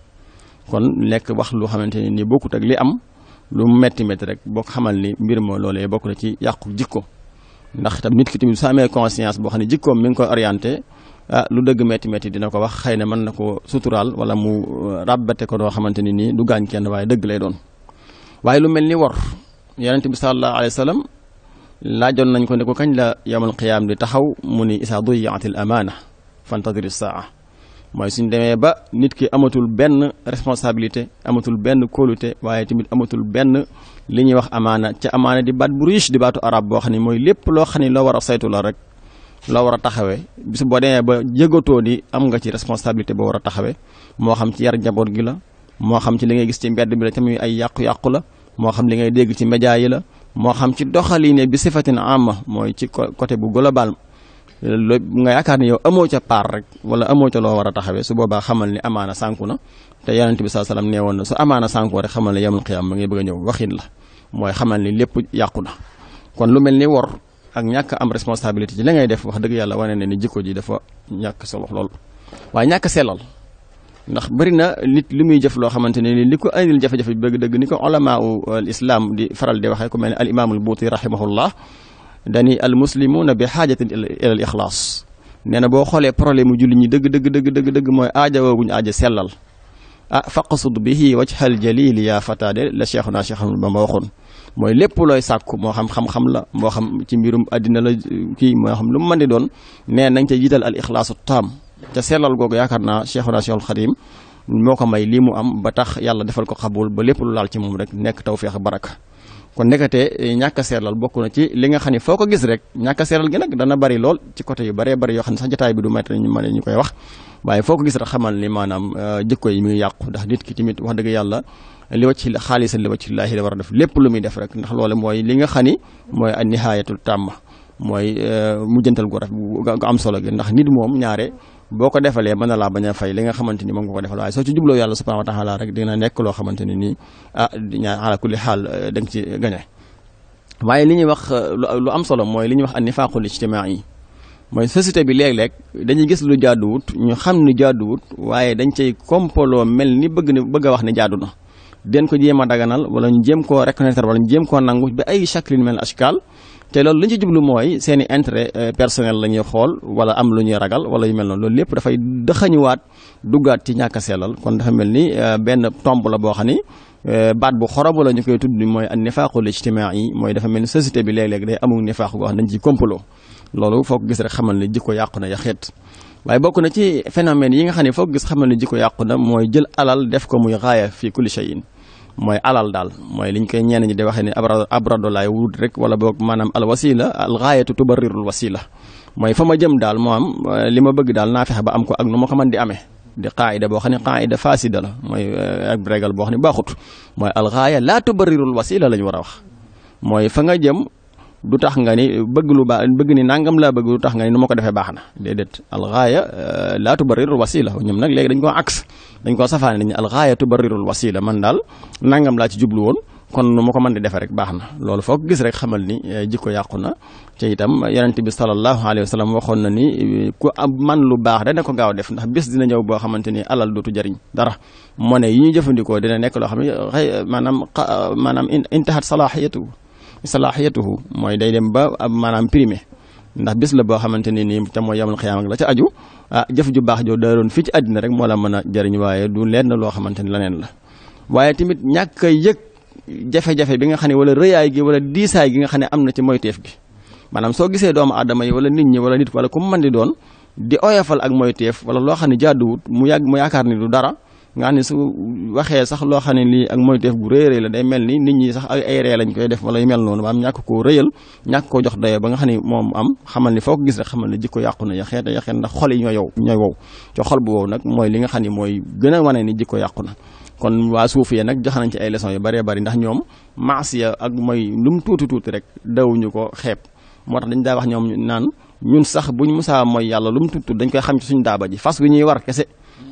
kon lekk wax lu xamante ne ni bokkut ak li am lu metti metti rek boo xamal ni mbir ma loolee bokk na ci yàqu jikko ndax tam nit ki tamit su amee conscience boo xam ne jikkoom mi ngi koy orienté ah lu dëgg metti metti dina ko wax xëy na mën na ko sutural wala mu euh, rabbate ko doo xamante ni nii du gaañ kenn waaye dëgg lay doon waaye lu mel ni wor yonent bi sallallahu alayhi wa sallam laajoon nañ ko ne ko kañ la yawmal qiyaam di taxaw mu ni isaa duyaat al amaana fantadir saa mooy suñ demee ba nit ki amatul benn responsabilité amatul benn kóolute waaye tamit amatul benn li ñuy wax amaana ca amaana di baat bu riche di baatu arab boo xam ne mooy lépp loo xam ni loo war a saytu la rek loo war a taxawee bis boo demee ba jégatoo di am nga ci responsabilité boo war a taxawee moo xam ci yar njaboot gi la moo xam ci li ngay gis ci mbedd bi la tamit ay yàqu-yàqu la moo xam li ngay dégg ci média yi la moo xam ci doxaliin bi sifatin amma mooy ci côté bu global loo nga yaakaar ne yow amoo ca paar rek wala amoo ca loo war a taxawee su boobaa xamal ni amaana sànku na te yonent bi saa salaam nee woon na su amaana sànkoo rek xamal ne yemul xiyaam ma ngi bëgg a ñëw waxin la mooy xamal ni lépp yàqu na kon lu mel ni wor ak ñàkk am responsabilité ci la ngay def wax dëgg yàlla wane ne ni jikko ji dafa ñàkk solo lool waaye ñàkk sellal ndax bëri na nit li muy jëf loo xamante ne ni li ko indil jafe-jafe bëgg dëgg ni ko ulama ul islam di faral di waxee ku mel ne al imaamul buuti rahimahullah dani al muslimuuna bi xaajatin ilal ixlaas nee na boo xoolee problème mu julli ñi dëgg dëgg dëgg dëgg dëgg mooy aaja wooguñu aaja sellal ah faqsud bihi wajhal jalili yaa fata de la cheikhuna cheikh Ahmadu Bamba mooy lépp looy sàkku moo xam xam-xam la moo xam ci mbirum àddina la kii moo xam lu mu mën di doon nee nañ ca jiital al ixlaasu taam ca sellal googu naa cheikhuna cheikhul moo ko may lii mu am ba tax yàlla defal ko xabul ba lépp lu laal ci moom rek nekk tawfeex baraka kon nekkate eh, ñàkk a seetlal bokk na ci li nga xam ne foo ko gis rek ñàkk seeral seetlal gi nag dana bari lool ci côté yu baree bari yoo xam ne sax jotaay bi du mat ñu mën ñu koy wax waaye foo ko gis rek xamal ni maanaam eh, jikko yi muy yàqu ndax ki tamit wax dëgg yàlla li wacc xaalisa li wacc laahi la war a def lépp lu muy def ndax loolu mooy li nga xam ni mooy an nihayatul tàmma mooy eh, mujjantal gu rafet gu am solo gi ndax nit moom ñaare boo ko defalee mën na laa bañ a fay li nga xamante ni moom nga ko defal waaye soo ci jubloo yàlla subhanahu wa taala rek dina nekk loo xamante ni nii ah ñaa ala kulli xaal eh, da gañe waaye li ñuy wax eh, lu am solo mooy li ñuy wax an nifaaqul ijtimaai yi mooy société bi léeg-léeg dañuy gis lu jaaduwut ñu xam ni jaaduwut waaye dañ cay kompoloo mel ni bëgg na bëgg a wax ni jaadu na den ko jéem a daganal wala ñu jéem koo reconnaître wala ñu jéem koo nangu ba ay chaklin te loolu lu ñu ci mooy seen i euh, personnel la ñuy xool wala am lu ñuy ragal wala yu mel noonu loolu lépp dafay dëxañuwaat duggaat ci ñàkk a kon dafa mel ni euh, benn tomb la boo xam ni euh, baat bu xorobu la ñu koy tudd mooy an nifaaqul yi mooy dafa mel ni société bi léeg-léeg day amul nifaaq goo xam dañ ciy kompaloo loolu foo ko gis rek xamal ni jikko yàqu na xeet waaye bokk na ci phénomène yi nga xam ne foo ko gis xamal ni jikko yàqu na mooy jël alal def ko muy gaaya fii kulli shay'in mooy alal daal mooy liñ koy ñenn ñi di waxee ni abra abrado laay wut rek wala boog maanaam al wasila al gaayatu tubarrirul wasila mooy fa ma jëm daal moo am eh, li ma bëgg daal naa fexe ba am ko ak nu ma ko mën di amee di qaayida boo xam ne faa faasida la mooy eh, ak boo xam ne baaxut mooy al gaaya laa tubarrirul wasila la ñu war a wax mooy fa nga jëm du tax nga ni bëgg lu baax bëgg ni nangam laa bëgg lu tax nga ni nu ma ko defee baax na déedéet alxaaya euh, laa tubarrirul wasila ñoom nag léegi dañ koo aks dañ koo safaane dañ alxaaya tubarrirul wasila man daal nangam laa ci jublu woon kon nu ma ko mën di defee rek baax na loolu foo gis rek xamal ni euh, jikko yàqu na te itam yonent bi sallallahu alayhi wa sallam waxoon na ni euh, ku am man lu baax dana ko gaaw def ndax bés dina ñëw boo xamante ni alal dootu jariñ dara monnaie yi ñuy jëfandikoo dina nekk loo xam ne xëy maanaam maanaam intahat salahiyatu salaaxiyatuhu mooy day dem ba maanaam primé ndax bis la boo xamante ne nii te mooy yamal xiyaam ak la ca aju ah jëf ju baax joo daaroon fii ci àddina rek moo la mën a jariñ waaye du leen loo xamante ne leneen la waaye tamit ñàkk a yëg jafe-jafe bi nga xam ne wala rëyaay gi wala diisaay gi nga xam ne am na ci moyteef gi maanaam soo gisee doomu aadama yi wala nit ñi wala nit wala ku mën di doon di oyofal ak moyteef wala loo xam ne jaaduwut mu yàgg mu yaakaar ni du dara nga xam ne su waxee sax loo xam ne lii ak mooy def gu rëy rëy la day mel ni nit ñi sax ay ree lañ koy def wala yu mel noonu maanaam ñàkk koo rëyal ñàkk koo jox dayoo ba nga xam ne moom am xamal ni foo ko gis rek xamal ne jikko yàqu na yaxeete yaxeet ndax xol yi yow ñooy xol bu wow nag mooy li nga xam ne mooy gën a wane ni jikko yàqu na kon waa suufiyee nag jox nañ ci ay leçons yu bëree bëri ndax ñoom maasiya ak mooy lu mu tuuti tuuti rek dawuñu ko xeeb moo tax dañ daa wax ñoom naan ñun sax bu buñ musaa mooy yàlla lu mu tuuti dañ koy xam ci suñ daaba ji fas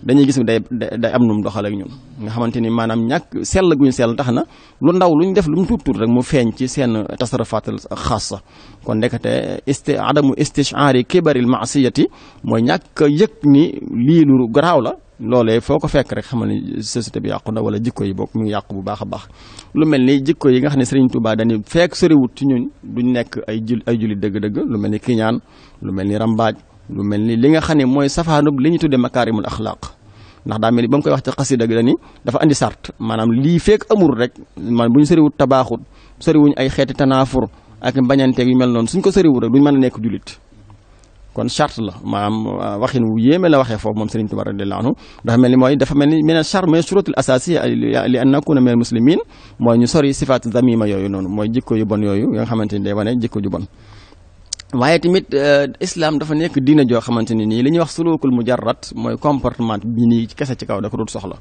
dañuy gis ne day day am nu mu doxal ak ñun nga xamante ni maanaam ñàkk sell gu ñu sell tax na lu ndaw lu def lu mu tuut tuut rek mu feeñ ci seen tasarafaatal xaas sa kon ndekete isti adamu istichaari kibaril maasiyati mooy ñàkk yëg ni lii lu garaaw la loolee foo ko fekk rek xamal ni société bi yàqu na wala jikko yi bokk mu ngi yàqu bu baax a baax lu mel ni jikko yi nga xam ne Sëriñ Tuubaa dañuy fekk soriwut ci ñun duñ nekk ay jul ay jullit dëgg-dëgg lu mel ni kiñaan lu mel ni rambaaj lu mel ni li nga xam ne mooy safaanub li ñu tuddee makaarimul axlaaq ndax daa mel ni ba mu koy wax ci xasida gi la ni dafa andi sart maanaam lii fekk amul rek man bu ñu sëriwut tabaaxut sëriwuñ ay xeeti tanaafur ak mbañanteeg yu mel noonu suñ ko sëriwut rek duñ mën a nekk jullit kon charte la maanaam euh, waxin wu la waxee foofu moom Sëriñ Tuubaa radiyallaahu anhu dafa mel ni mooy dafa mel ni mine charte mais shurutul asasiya li an nakuna minal muslimin mooy ñu sori sifaat zamima yooyu noonu mooy jikko yu bon yooyu nga xamante ni day wane jikko ju bon waaye tamit euh, islam dafa nekk diina joo xamante ne nii li ñuy wax sulukul mujarrat mooy comportement bi nii kese ci kaw da ko dul soxla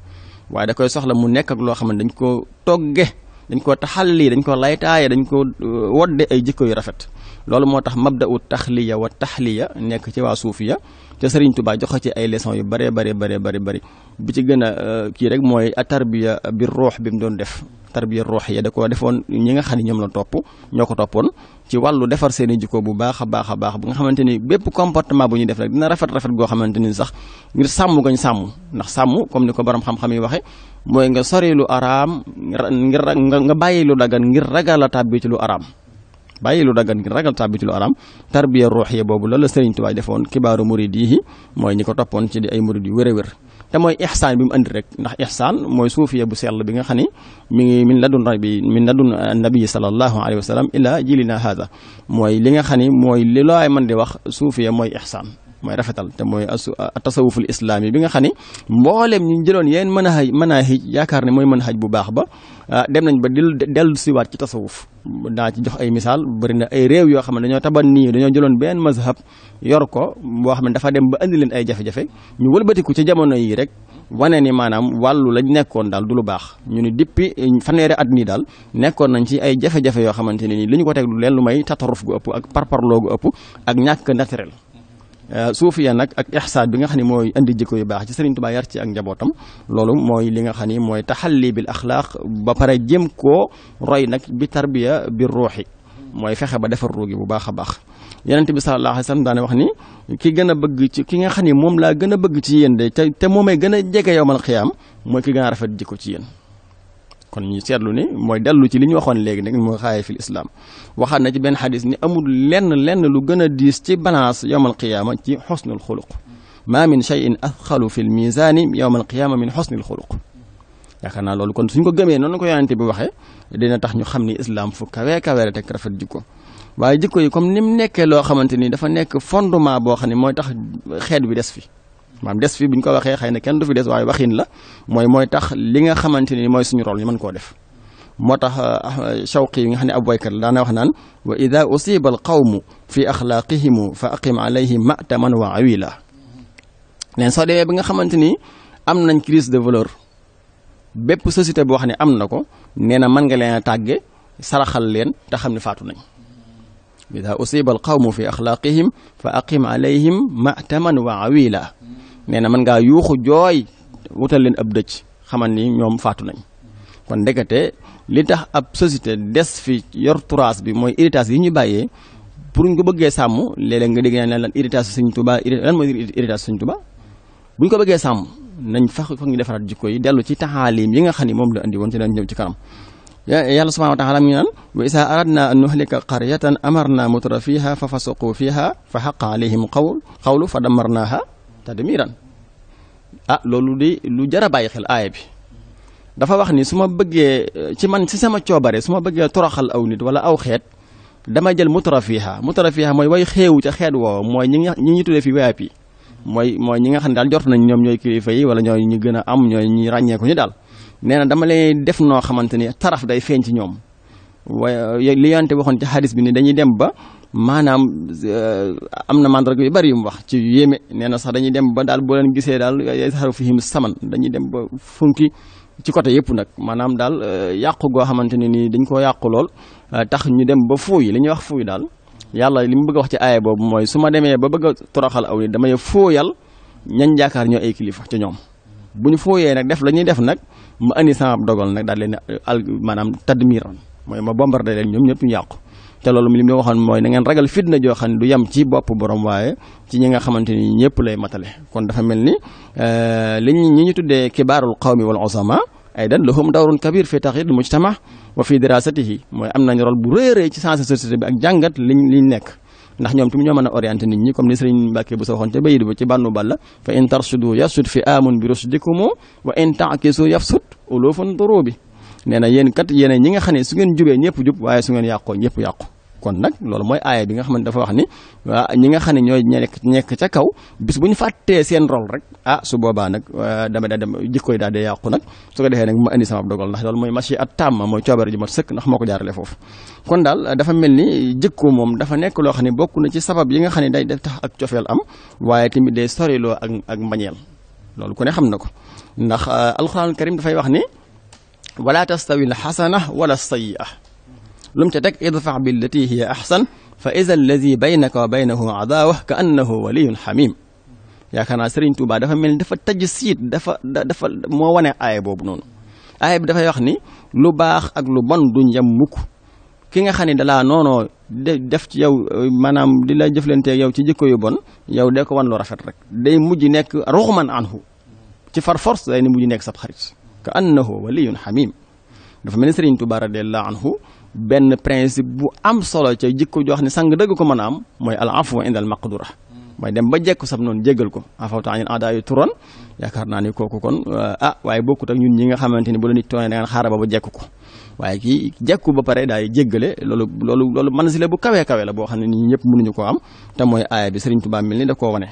waaye da koy soxla mu nekk ak loo xam ne dañ koo togge dañ koo taxalli dañ koo laytaaye dañ ko euh, wodde ay jikko yu rafet loolu moo tax mabda'u taxliya wa taxliya nekk ci waa suuf suufiya te Serigne Touba joxe ci ay leçons yu bëree bëri bëri bëri bi ci gën a euh, kii rek mooy atarbiya bi ruux bi mu doon def tarbiya ruuxiya da koo defoon ñi nga xam ne ñoom la topp ñoo ko toppoon ci wàllu defar seen i jikko bu baax a baax a baax bu nga xamante ni bépp comportement bu ñuy def rek dina rafet rafet goo xamante ni sax ngir sàmm gañ sàmm ndax sàmm comme ni ko borom xam-xam yi waxee mooy nga sori lu araam ngir nga bàyyi lu dagan ngir ragal a tàbbi ci araam. bàyyi lu dagan ngir ragal tàbbi ci lu araam tarbiya ruuxiya boobu la la Sëriñ Tuubaa defoon xibaaru murid mooy ñi ko toppoon ci di ay murid yu wér a wér te mooy ixsaan bi mu andi rek ndax ixsaan mooy suufiya bu sell bi nga xam ne mi ngi min ladun rabbi min ladun nabi sallallahu alayhi wa sallam ila jilina haada mooy li nga xam ne mooy li looy man di wax suufiya mooy ixsaan mooy rafetal te mooy asu tasawuful islaam yi bi nga xam ne mboolem ñu jëloon yéen mën a mën a xëj yaakaar ne mooy mën a bu baax ba dem nañ ba dil dellu siwaat ci tasawuf daa ci jox ay misaal bari na ay réew yoo xam ne dañoo taban nii dañoo jëloon benn mazhab yor ko boo xam ne dafa dem ba indi leen ay jafe ñu wëlbatiku ci jamono yi rek wane ni maanaam wàllu lañ nekkoon daal du lu baax ñu ni dippi eh, fanweeri at nii daal nekkoon nañ ci ay jafe-jafe yoo xamante ne nii li ñu ko teg lu leen lu may tataruf gu ëpp ak parparloo gu ëpp ak ñàkk naturel Euh, suufiya nag ak ixsaan bi nga xam ne mooy indi jikko yu baax ci Sëriñ Tuubaa yar ci ak njabootam loolu mooy li nga xam ni mooy taxalli bil axlaaq ba pare jëm koo roy nag bi tarbiya bi ruuxi mooy fexe ba defar ruugi bu baax a baax Yonent bi sa alayhi wa sallam daane wax ni ki gën a bëgg ci ki nga xam ni moom laa gën a bëgg ci yéen de te te moomay gën a jege yowmal am mooy ki gën a rafet jikko ci yéen kon ñu seetlu ni mooy dellu ci li ñu waxoon léegi nag mooy xaaye fil islam waxaat na ci benn xadis ni amul lenn lenn lu gën a diis ci balance yowmal qiyaama ci xusnul xuluq maa min cheyin afxalu fil misaani yowmal qiyaama min xusnil xuluq yaakaar naa loolu kon suñ ko gëmee noonu ko yonente bi waxee dina tax ñu xam ni islaam fu kawee kawee teg rafet jikko waaye jikko yi comme ni mu nekkee loo xamante ni dafa nekk fondement boo xam ne mooy tax xeet bi des fi maam des fi bu ñu ko waxee xëy na kenn du fi des waaye waxin la mooy mooy tax li nga xamante ni mooy suñu rôle ñu man ko def moo tax ah, ah, shawqi yi nga xam ne ab waykat la daana wax naan wa ida usiba al qawmu fi axlaaqihimu fa aqim alayhim mataman wa awila leen soo demee bi nga xamante ni am nañ crise de valeur bépp société boo xam ne am na ko nee na mën nga leen a tàgge saraxal leen te xam ne faatu nañ ida usiba al qawmu fi axlaaqihim fa aqim alayhim mataman wa awila nee na mën ngaa yuuxu jooy wutal leen ab dëcc xamal ni ñoom faatu nañ kon ndekete li tax ab société des fi yor turaas bi mooy héritage yi ñu bàyyee pour ñu ko bëggee sàmm léeg nga dégg naa lan héritage Sëñ Tuubaa lan mooy héritage Sëñ ko bëggee sàmm nañ fax foog ñu defaraat jikko yi dellu ci taxaalim yi nga xam ne moom la andi woon te daan ñëw ci kanam yàlla subhaanahu wa taala mi ngi naan wa isaa aradna an nuhlika qaryatan amarna mutra fiha fa fasuqu fiha fa xaqa alayhim qawl qawlu fa damarnaha tadmiran ah loolu di lu jar a bàyyi xel aaya bi dafa wax ni su ma bëggee ci man si sama coobare su ma bëggee toroxal aw nit wala aw xeet dama jël mutarafiha mutarafiha mooy way xeewu ca xeet woow mooy ñi nga ñi ñu tuddee fi waayap yi ñi nga xam ne daal jot nañ ñoom ñooy kilifa yi wala ñooy ñu gën a am ñooy ñi ràññeeku ñu daal nee na dama lay def noo xamante ni taraf day feeñ ci ñoom waaye li yonte waxoon ci hadis bi ni dañuy dem ba maanaam euh, am na mandarga yu bari yu mu wax ci yéeme nee na sax dañuy dem ba daal boo leen gisee daal yazharu fihim saman dañuy dem ba funki ci côté yëpp nag maanaam daal euh, yàqu goo xamante ne nii dañ koo yàqu lool euh, tax ñu dem ba fuuy li ñuy wax fuuy daal yàlla li mu bëgg a wax ci aaya boobu mooy su ma demee ba bëgg a toroxal aw ni damay fooyal ñañ jaakaar ñoo ay kilifa ci ñoom bu ñu fooyee nag def la ñuy def nag ma andi sama dogal nag daal leen al maanaam tadmir mooy ma bombardé leen ñoom ñëpp ñu yàqu te loolu li mu waxoon mooy na ngeen ragal fitna joo xam ne du yem ci bopp borom waaye ci ñi nga xamante ni ñëpp lay matale kon dafa mel ni euh, li ñu ñi ñu tuddee kibaarul qawmi wal usama aydan lahum dawrun kabir fi taxyiiril mujtama wa fi dirasatihi mooy am na rôle bu réeree ci sens société bi ak jàngat liñ liñ nekk ndax ñoom tamit ñoo mën a orienté nit ñi comme ni sëriñ Mbàkke bu sa waxoon ca bayit ba ci bànnu balla fa in tarsudu yasud fi amun bi rusdikumu wa in taakisu yafsud ulufun durubi nee na yéen kat yéen ñi nga xam ne su ngeen jubee ñëpp waaye su ngeen yàqoo ñëpp yàqu kon nag loolu mooy aaya bi nga xam ne dafa wax ni waa ñi nga xam ne ñooy ñekk ñekk ca kaw bis bu ñu fàttee seen rôle rek ah su boobaa nag dama daa dem jikkoy daal di yàqu nag su ko defee nag ma indi sama dogal ndax loolu mooy machi at tàmm mooy coobare ji ma sëkk ndax moo ko jaarale foofu kon daal dafa mel ni jikko moom dafa nekk loo xam ne bokk na ci sabab yi nga xam ne day def tax ak cofeel am waaye tamit day soriloo ak ak mbañeel loolu ku ne xam na ko ndax euh, alxuraan karim dafay wax ni wala tastawi al xasana wala sayyi'a lu mu ca teg idfa billati hiya ahsan fa ida alladi baynaka wa baynahu adaawa ka annahu waliyun xamim yaakaar naa Serigne Touba dafa mel ni dafa taj siit dafa dafa moo wane aaya boobu noonu aaya bi dafay wax ni lu baax ak lu bon du njam mukk ki nga xam ne dalaa noonoo def ci yow euh, maanaam di la jëflanteeg yow ci jikko yu bon yow dee ko wan lu rafet rek day mujj nekk ruxman anhu ci far force day ni mujj nekk sab xarit ka annahu waliyun xamim dafa mel ni Serigne Touba benn principe bu am solo ca jikko joo xam ne sang dëgg ko mën a am mooy al afwa indal maqdura mooy dem ba jekku sam noonu jéggal ko afawta anil aada yaakaar naa ni kooku kon ah, ah, waaye bokkut ak ñun ñi nga xamante ni bu la nit tooñee da ngeen xaaral ba ba jekku ko waaye kii jekku ba pare daay jéggale loolu loolu loolu manzila bu kawee kawe la boo xam ne nii ñëpp mënuñu ko am te mooy aaya bi Sëriñ Tuubaa mel nii da koo wane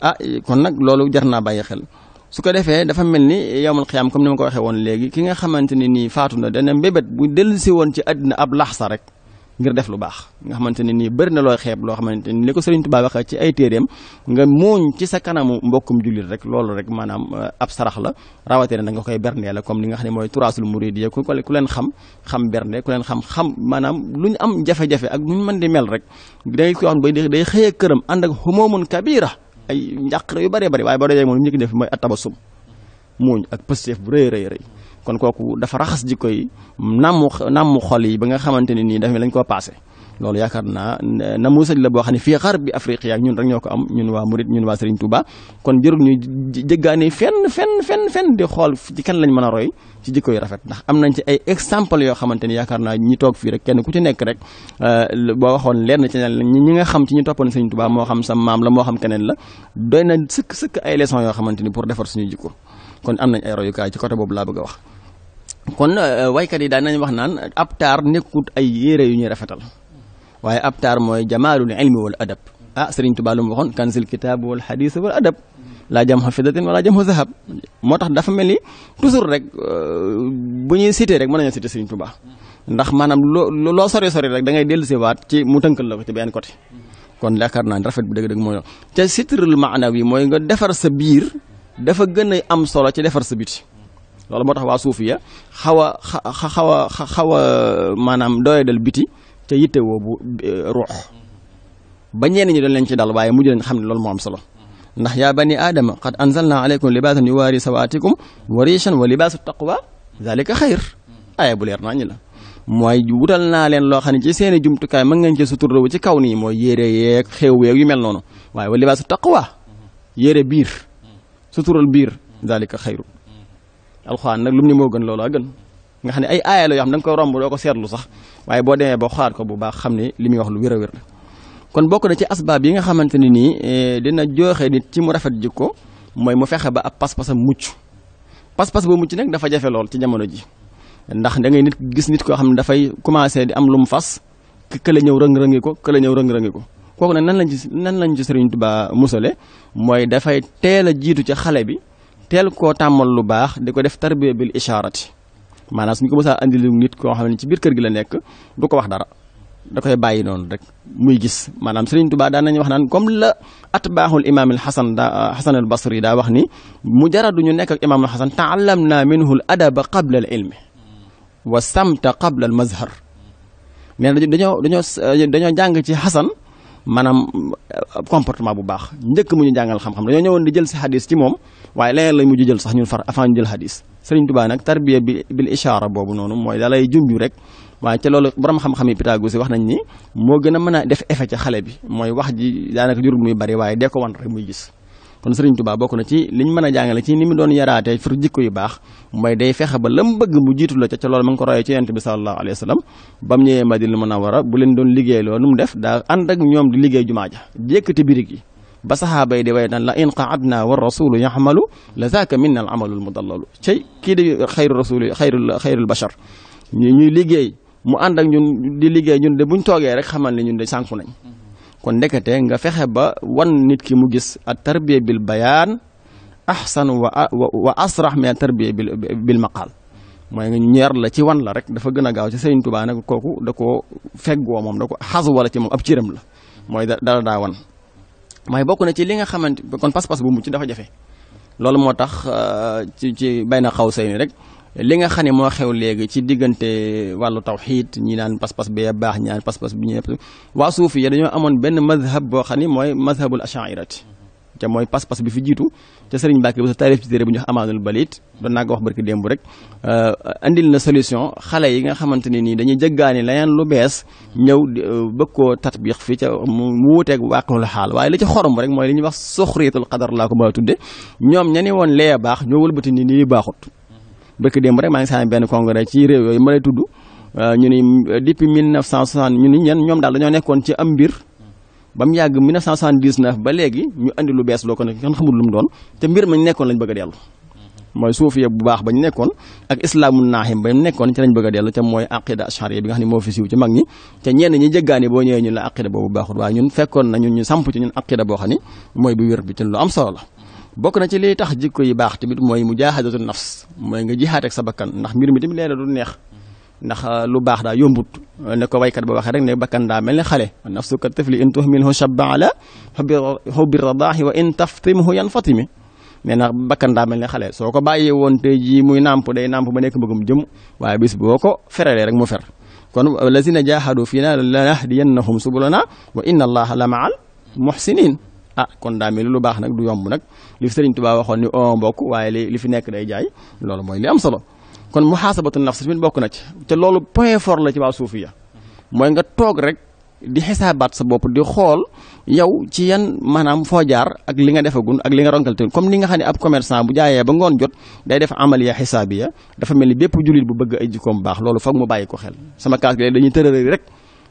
ah kon nag loolu jar naa bàyyi xel su ko defee dafa mel ni yowmal xiyaam comme ni ma ko waxee woon léegi ki nga xamante ne nii faatu na dana mbébét bu dellusi woon ci àddina ab laxsa rek ngir def lu baax nga xamante ne nii bëri na loo xeeb loo xamante ni li ko Sëriñ Tuubaa waxee ci ay téeréem nga muuñ ci sa kanamu mbokkum jullit rek loolu rek maanaam euh, ab sarax la rawatina da nga koy bernee la comme li nga xam ne mooy turaasul muriidiyya ku ku leen xam xam berne ku leen xam xam maanaam lu ñu am jafe-jafe ak lu ñu mën di mel rek day ko xam ba day xëye këram ànd ak xumoomun kabira ay njàqare yu bëree bëri waaye boo dajee moom li ñu def mooy atabasum muuñ ak pësteef bu rëy rëy rëy kon kooku dafa raxas jikko yi mu nàmmu xol yi ba nga xamante ne nii daf lañ koo paase loolu yaakaar naa na muusaj la boo xam ne fii xar bi Afrique ak ñun rek ñoo ko am ñun waa Murit ñun waa Serigne Touba kon jërul ñuy jëggaane fenn fenn fenn fenn di xool ci kan lañ mën a roy ci jikko yu rafet ndax am nañ ci ay exemple yoo xamante ni yaakaar naa ñi toog fii rek kenn ku ci nekk rek euh, boo waxoon leer na ñi nga xam ci ñu toppoon Serigne Touba moo xam sa maam la moo xam keneen la doy na sëkk ay leçons yoo xamante ni pour defar suñu jikko kon am nañ ay royukaay ci côté boobu laa bëgg a wax kon euh, waykat yi daan nañu wax naan ab taar nekkut ay yére yu ñuy rafetal waaye ab taar mooy jamaalul ilmi wal adab ah Sëriñ Tuubaa lu mu waxoon kanzul kitaab wal jam xo fidatin wala moo tax dafa mel ni toujours rek euh, bu ñuy cité rek mën nañoo cité Sëriñ Tuubaa ndax maanaam loo loo sori sori rek da ngay dellu si waat ci mu tënkal la ko ci benn côté kon yaakaar naa rafet bu dëgg-dëgg mooy ca sitrul maanawi mooy nga defar sa biir dafa gën a am solo ci defar sa biti loolu moo tax waa suufiya xaw a xaw a xaw a maanaam doyadal biti ca yitte woo bu eh, ruux ba ñenn ñi doon leen ci dal waaye mujj leen xam ne lool moo am solo ndax yaa bani aadama qad anzalna aleykum libaasan yuwaari sawaatikum wa riishan wa libaasu taqwa zalika xayr aaya bu leer nañu la mooy wutal naa leen loo xam ne ci seen i jumtukaay mën ngeen ci suturlawu ci kaw nii mooy yére xew yeeg yu mel noonu waaye wa libaasu taqwa yére biir sutural biir zalika xayru alxuraan nag lu mu gën loolu a gën nga xam ne ay aaya la yoo xam da nga koy romb doo ko seetlu sax waaye boo demee ba xoolaat ko bu baax xam ne li muy wax lu wér a wér kon bokk na ci asbaab yi nga xamante ne nii eh, dina jooxe nit ci mu rafet ko mooy mu fexe ba ab pas-pasam mucc pas-pas ba mucc nag dafa jafe lool ci jamono ji ndax da ngay nit gis nit koo xam ne dafay commencé di am lu mu fas kële ñëw rëng-rëngi ko kële ñëw rëng-rëngi ko kooku nag nan lañ ci nan lañ ci Sëriñ Tuubaa musale mooy dafay teel a jiitu ci xale bi teel koo tàmmal lu baax di ko def tarbiya bil ishaarati maanaam suñ ko mësaa andilu nit koo xam ne ci biir kër gi la nekk du ko wax dara da koy bàyyi noonu rek muy gis maanaam Serigne Touba daan nañu wax naan comme la atbaaxul imaam al xasan daa xasan al daa wax ni mu jara du ñu nekk ak imaam al xasan taallam naa minhu al adaba qabla al ilmi wa samta qabla al mazhar nee na dañoo dañoo dañoo jàng ci xasan maanaam comportement bu baax njëkk mu ñu jàngal xam-xam dañoo ñëwoon di jël si xadis ci moom waaye leneen la mujj jël sax ñun far afan ñu jël xadis Sëriñ Tuubaa nag tarbiya bi bil ishaara boobu noonu mooy dalay junju rek waaye ca loolu borom xam-xam yi Pythagore si wax nañ ni moo gën a mën a def effet ci xale bi mooy wax ji daanaka jur muy bari waaye dee ko wan rek muy gis kon Serigne Touba bokk na ci liñ mën a jàngale ci ni mu doon yaraatee fur jikko yu baax mooy day fexe ba lam bëgg mu jiitu la ca ca loolu ma ngi ko royee ci yonent bi sallallahu alayhi wa sallam ba mu ñëwee Madina Munawara bu leen doon liggéey loolu mu def daa ànd ak ñoom di liggéey jumaa ja jékkati birig yi ba saxaaba yi di way naan la in qaadna wa rasulu yaxmalu la zaaka minna al amalul mudallalu cey kii di xayru rasuli xayrul xayrul bachar ñu ñuy liggéey mu ànd ak ñun di liggéey ñun de buñ toogee rek xamal ne ñun de sànku nañ kon ndekete nga fexe ba wan nit ki mu gis at tarbiya bil bayaan ahsan wa a wa asrah min tarbiya bil bil maqaal mooy nga ñeer la ci wan la rek dafa gën a gaaw ci Sëriñ Tuubaa nag kooku da koo woo moom da ko xas wala ci moom ab ciram la mooy dara daa wan mooy bokk na ci li nga xamante kon pas-pas bu mucc dafa jafe loolu moo tax euh, ci ci bay na xaw say ni rek li nga xam ne moo xew léegi ci diggante wàllu tawxiid ñi naan pas-pas bee baax ñi naan pas-pas bi ñëpp waa suufi ya amoon benn mazhab boo xam ne mooy mazhabul ashairati te mooy pas-pas bi fi jiitu te sëriñ Mbàkke bi sa taarif ci téere bu ñu wax amaanul balit doon naa wax barki démb rek indil euh, na solution xale yi nga xamante ne nii dañuy jëggaani leneen lu bees ñëw euh, bëgg koo tatbiix fii ca mu wuuteeg waaqul xaal waaye li ci xorom rek mooy li ñuy wax suxriyatul qadar laa ko ba tudde ñoom ña ne woon lee baax ñoo wëlbati ni nii baaxut bëkk démb rek maa ngi saa benn congrès ci réew yooyu ma lay tudd euh, ñu ni euh, depuis 1960 ñu ni ñen ñoom daal dañoo nekkoon ci am mbir ba mu yàgg 1979 ba léegi ñu indi lu bees loo ko nekk kenn lu mu doon te mbir mañ nekkoon lañ bëgg a dellu mooy suufiya bu baax ba ñu nekkoon ak islaamu nekkoon ci lañ bëgg a dellu mooy aqida ashariya bi nga xam ne moo fi siiw ci mag ñi te ñenn ñi jëggaani boo ñëwee ñun la aqida boobu baaxul waaye ñun fekkoon na ñu samp ci ñun aqida boo xam ne mooy bu wér am solo la bokk na ci liy tax jikko yi baax tamit mooy mujaahadatu nafs mooy nga jihaat ak sa bakkan ndax mbir mi tamit leena du neex ndax euh, lu baax daa yombut euh, ne ko waykat ba waxee rek ne bakkan daa mel ne xale nafsu ka tifli in tuhmilhu shabba ala hubbi radaahi wa in taftimhu yanfatimi na bakkan mel ne xale soo ko bàyyee woon tey jii muy nàmp day nàmp ba nekk mu jëm waaye bis boo ko feralee rek mu fer kon lazina jaahadu fiina lanahdiyannahum subulana wa inna allaha la maal muhsinin ah kon daa mel lu baax nag du yomb nag li fi Sëriñ Tuubaa waxoon ni oo oh, mbokk waaye li li fi nekk day jaay loolu mooy li am solo kon muhaasabatu nafs tamit bokk na ci te loolu point fort la ci waa suufiya mooy nga toog rek di di xool yow ci yan maanaam foo jaar ak li nga defagun ak li nga ronkal te comme ni nga xam ne ab ba ngoon jot day def amaliya xisaabiya dafa mel ni bépp jullit bu bëgg ay jikkoom baax loolu foog mu bàyyi ko xel sama kaas gi dañuy tërëri rek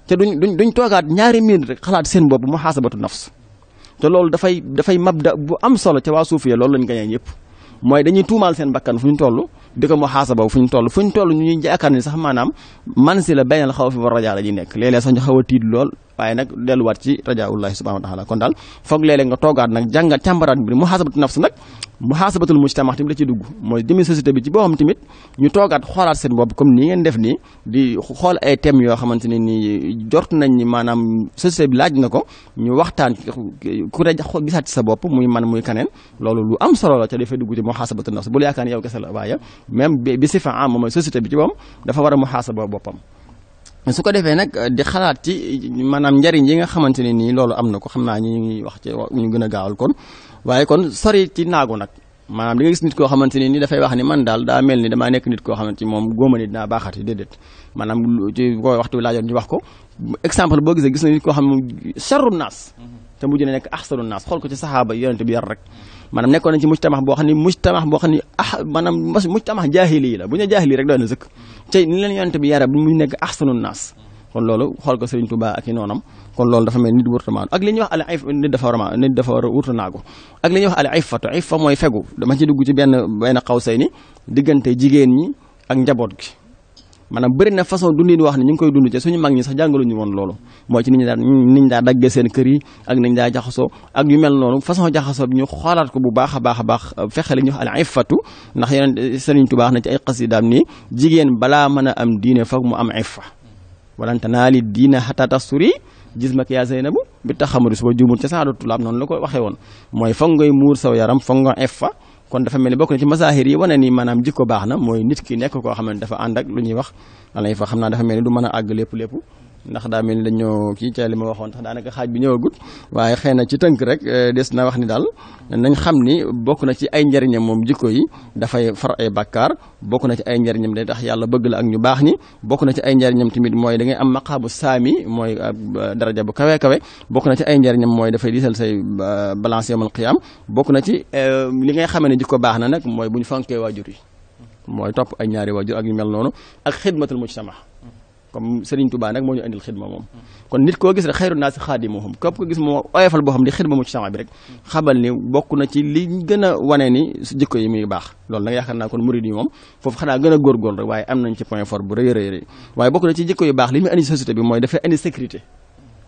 te duñ duñ toogaat ñaari minute rek xalaat seen bopp muhaasabatu nafs te loolu dafay dafay mabda bu am solo ca waa suufiya loolu lañ gañee ñëpp mooy dañuy tuumaal seen bakkan fu ñu toll di ko mu xaasaba fu ñu toll fu ñu toll ñu ñuy jaakaar ni sax maanaam man si la baynal xaw fi war rajaa la ñuy nekk léeg-léeg ñu xaw tiit lool waaye nag delluwaat ci rajaa ullahi subhanahu wa taala kon daal foog léeg-léeg nga toogaat nag jàngat càmbaraat mbir mu xaasabatu nafs nag muhaasabatul mujtama tamit da ci dugg mooy demi société bi ci boppam tamit ñu toogaat xoolaat seen bopp comme ni ngeen def nii di xool ay thèmes yoo xamante ne nii jort nañ ni maanaam société laaj na ko ñu waxtaan ku ne gisaat ci sa bopp muy man muy kaneen loolu lu am solo la te dafay dugg ci muhaasabatul nafs bul yaakaar ne yow kese la waaye même bi si fa am mooy société bi ci boppam dafa war a muhaasaba ko defee nag di xalaat ci maanaam njariñ yi nga xamante ne nii loolu am na ko xam naa ñu wax ci ñu gën a gaawal kon. waaye kon sori ci naagu nag maanaam di nga gis nit koo xamante ni ni dafay wax ni man daal daa mel ni damaa nekk nit koo xamante ni moom góoma ni dinaa baaxati déedéet maanaam ci ko waxtu laajoon ñu wax ko exemple boo gisee gis na nit koo xam ne moom charru naas te mujj na nekk ahsanu naas xool ko ci saxaaba yonente bi yar rek maanaam nekkoon nañ ci mujtamax boo xam ne mujtamax boo xam ne ah maanaam mujtamax jaahili yi la bu ñu jaahili rek doy na sëkk te ni leen yonente bi yara bu muy nekk ahsanu naas kon loolu xool ko Sëriñ Tuubaa ak i noonam kon loolu dafa mel nit wërta maanu ak li ñuy wax al if nit dafa a maanu nit a wurta naagu ak li ñuy wax al iffatu iffa mooy fegu dama ci xaw say ni diggante jigéen ñi ak njaboot gi maanaam bëri na façon dundin wax ne ñu ngi dund ci suñu mag ñi sax jàngaluñu woon loolu mooy ci ni ñu daa ni ñu daa daggee seen kër yi ak ni ñu jaxasoo ak yu mel noonu façon jaxasoo bi ñu xoolaat ko bu baax a baax a baax fexee li ñu wax al iffatu ndax yeneen Sëriñ tubaax na ci ay xasidaam nii jigéen balaa mën a am diine foog mu am ay iffa walan tanaali diina hatta tasturi jismaka yaa Zeynabu bi taxamuri suba juumul ca saadu tulaab noonu la ko waxee woon mooy foog ngay muur saw yaram foog nga ef kon dafa mel ni bokk na ci masaahir yi wane ni maanaam jikko baax na mooy nit ki nekk koo xam ne dafa ànd ak lu ñuy wax alay fa xam naa dafa mel ni du mën a àgg lépp lépp ndax daa mel ni dañoo kii ca li ma waxoon tax daanaka xaaj bi ñëwagut waaye xëy na ci tënk rek eh, des na wax ni daal nañ xam ni bokk na ci ay njariñam moom jikko yi dafay far ay bàkkaar bokk na ci ay njariñam day tax yàlla bëgg la ak ñu baax ñi bokk na ci ay njariñam tamit mooy da ngay am maqaabu saami mooy eh, daraja bu kawe kawe bokk na ci ay njariñam mooy dafay diisal say balance yawmal qiyaam bokk na ci eh, li ngay xamee ne jikko baax na nag mooy bu ñu fonkee waajur yi mooy topp ay ñaari waajur ak yu mel noonu ak xidmatul mujtama comme Serigne Touba nag moo ñu indil xidma moom kon nit koo gis rek xayru naa si xaadimuhum képp ko gis moo oyofal boo xam ne xidma mu ci sama bi rek xabal ni bokk na ci li gën a wane ni jikko yi muy baax loolu nag yaakaar naa kon murid yi moom foofu xanaa gën a góorgóorlu rek waaye am nañ ci point fort bu rëy rëy rëy waaye bokk na ci jikko yu baax li muy indi société bi mooy dafay indi sécurité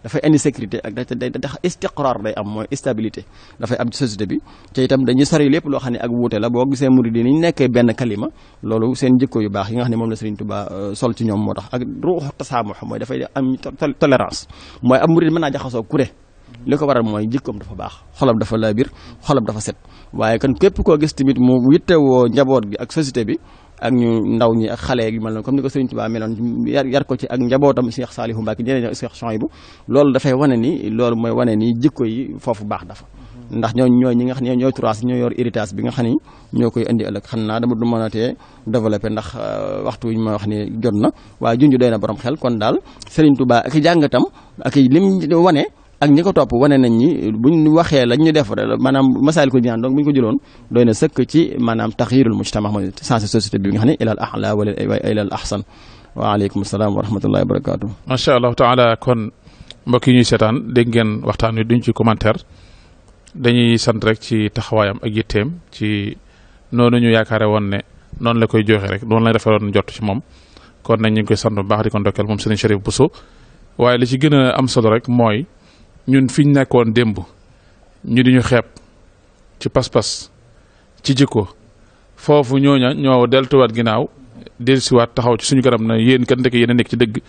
dafay indi sécurité ak day tax istiqraar day am mooy stabilité dafay am ci société bi te itam dañuy sori lépp loo xam ne ak wuute la boo gisee murid yi ni ñu nekkee benn kalima loolu seen jikko yu baax yi nga xam ne moom la Serigne Touba euh, sol ci ñoom moo tax ak ruuxu tasaamuh mooy dafay am tolérance mooy ab murid mën naa jaxasoo kuré li ko waral mooy jikkoom dafa baax xolam dafa laabir xolam dafa set waaye kan képp koo gis tamit mu yittewoo njaboot ak société bi ak ñu ndaw ñi ak xale yu mel noonu comme ni ko Serigne Touba meloon yar ko ci ak njabootam Cheikh Saliou Mbacké ñeneen Cheikh Chouaïbou loolu yi foofu baax dafa ndax ñooñu ñooy ñi a euh, ma na waaye na borom xel kon daal Serigne Touba ak i jàngatam ak i lim wane ak ñi ko topp wane nañ ñi buñ waxee lañ ñu def maanaam Masaalikul Jinaan donc bu ñu ko jëloon doy na sëkk ci maanaam taxyirul mujtama mooy sensé société bi nga xam ne ilal ahla wala ilal ahsan waaleykum salaam wa rahmatullahi wa barakaatu. macha allah kon mbokk yi ñuy seetaan dégg ngeen waxtaan wi duñ ci commentaire dañuy sant rek ci taxawaayam ak yitteem ci noonu ñu yaakaare woon ne noonu la koy joxe rek noonu lañ rafetoon jot ci moom kon nañ ñu koy sant baax di ko ndokkeel moom Serigne Cherif Bousso waaye li ci gën a am solo rek mooy. ñun fi ñu nekkoon démb ñu di ñu xeeb ci pas-pas ci jikko foofu ñooña ñoo deltuwaat ginnaaw dellusiwaat taxaw ci suñu garam na yéen kat ndekk yéen nekk ci dëgg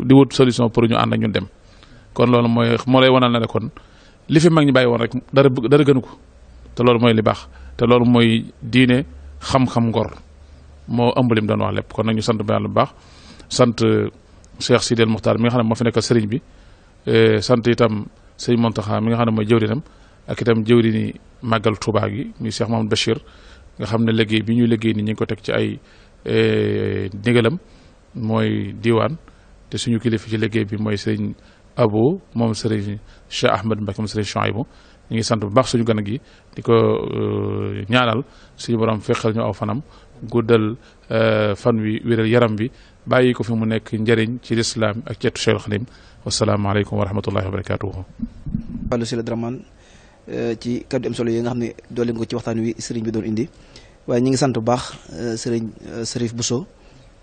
di wut solution pour ñu ànd ak ñun dem kon loolu mooy moo lay wanal na ne li fi mag ñi bàyyi woon rek dara dara gënu ko te loolu mooy li baax te loolu mooy diine xam-xam ngor moo ëmb lim doon wax lépp kon nag ñu sant ba lu baax sant euh, Cheikh Sidel Muxtaar mi nga xam ne moo fi nekkal sëriñ bi euh, sant sëñ Mountakha mi nga xam ne mooy jëwrinam ak itam jëwrini màggal Touba gi muy Cheikh moom Bachir nga xam ne liggéey bi ñuy liggéey ni ñu ngi ko teg ci ay e, ndigalam mooy diwaan te suñu kilifa ci liggéey bi mooy sëriñ Abo moom sëriñ Cheikh Ahmed Mbacke moom sëriñ Chouaïbou ñu ngi sant bu baax suñu gana gi di ko e, ñaanal suñu borom fexal ñu aw fanam guddal e, fan wi wéral yaram bi bàyyi ko fi mu nekk njëriñ ci lislaam ak ceetu Cheikh Xadim wasalaamaaleykum wa rahmatullahi wa barakaatuhu wàllu si la Dramane eh, ci kaddu am solo yi nga xam ne doole ko ci waxtaan wi sëriñ bi doon indi waaye ñi ngi sant bu baax eh, sëriñ eh, Sërif Bousso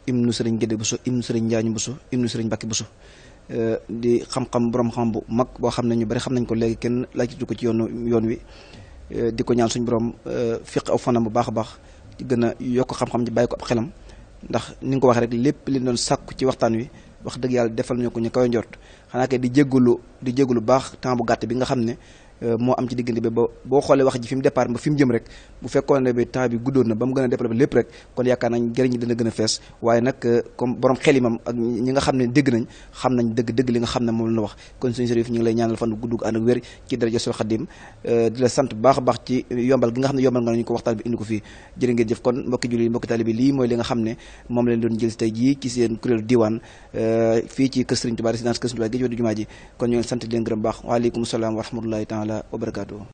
ibnu sëriñ Gédé Bousso ibnu sëriñ Njaañ Bousso ibnu sëriñ Mbàkke Bousso di xam-xam borom xam bu mag boo xam ne ñu bari xam nañ ko léegi kenn laajatu ko ci yoonu yoon wi di ko ñaan suñu boroom fiq aw fanam bu baax a baax gën a yokk xam-xam ji bàyyi xelam ndax ni nga ko waxee rek lépp li doon sàkku ci waxtaan wi wax dëgg yàlla defal ñu ko ñu koy njort xanaa kay di jéggalu di jégg lu baax temps bu gàtt bi nga xam ne Euh, moo am ci diggante bi boo xoolee wax ji fi mu départ ba fi mu jëm rek bu fekkoon ne bi temps bi guddoon na ba mu gën a développé lépp rek kon yaakaar nañ njëriñ dina gën fees waaye nag euh, comme borom xel yi moom ak ñi nga xam ne dégg nañ xam nañ dëgg dëgg li nga xam ne moom la wax kon suñu sëriñ ñu ngi lay ñaanal euh, a baax nga xam ne yombal nga nañu ko waxtaan bi indi ko fii jërë ngeen jëf kon mbokki julli mbokki taalibe lii mooy li nga xam ne moom leen doon jël tey jii ci seen kuréelu diwaan fii ci kër Sëriñ Tuubaa résidence kër Sëriñ Tuubaa gi ci wetu jumaa ji kon ñu sant leen gërëm baax waaleykum salaam wa rahmatullahi taala taala wa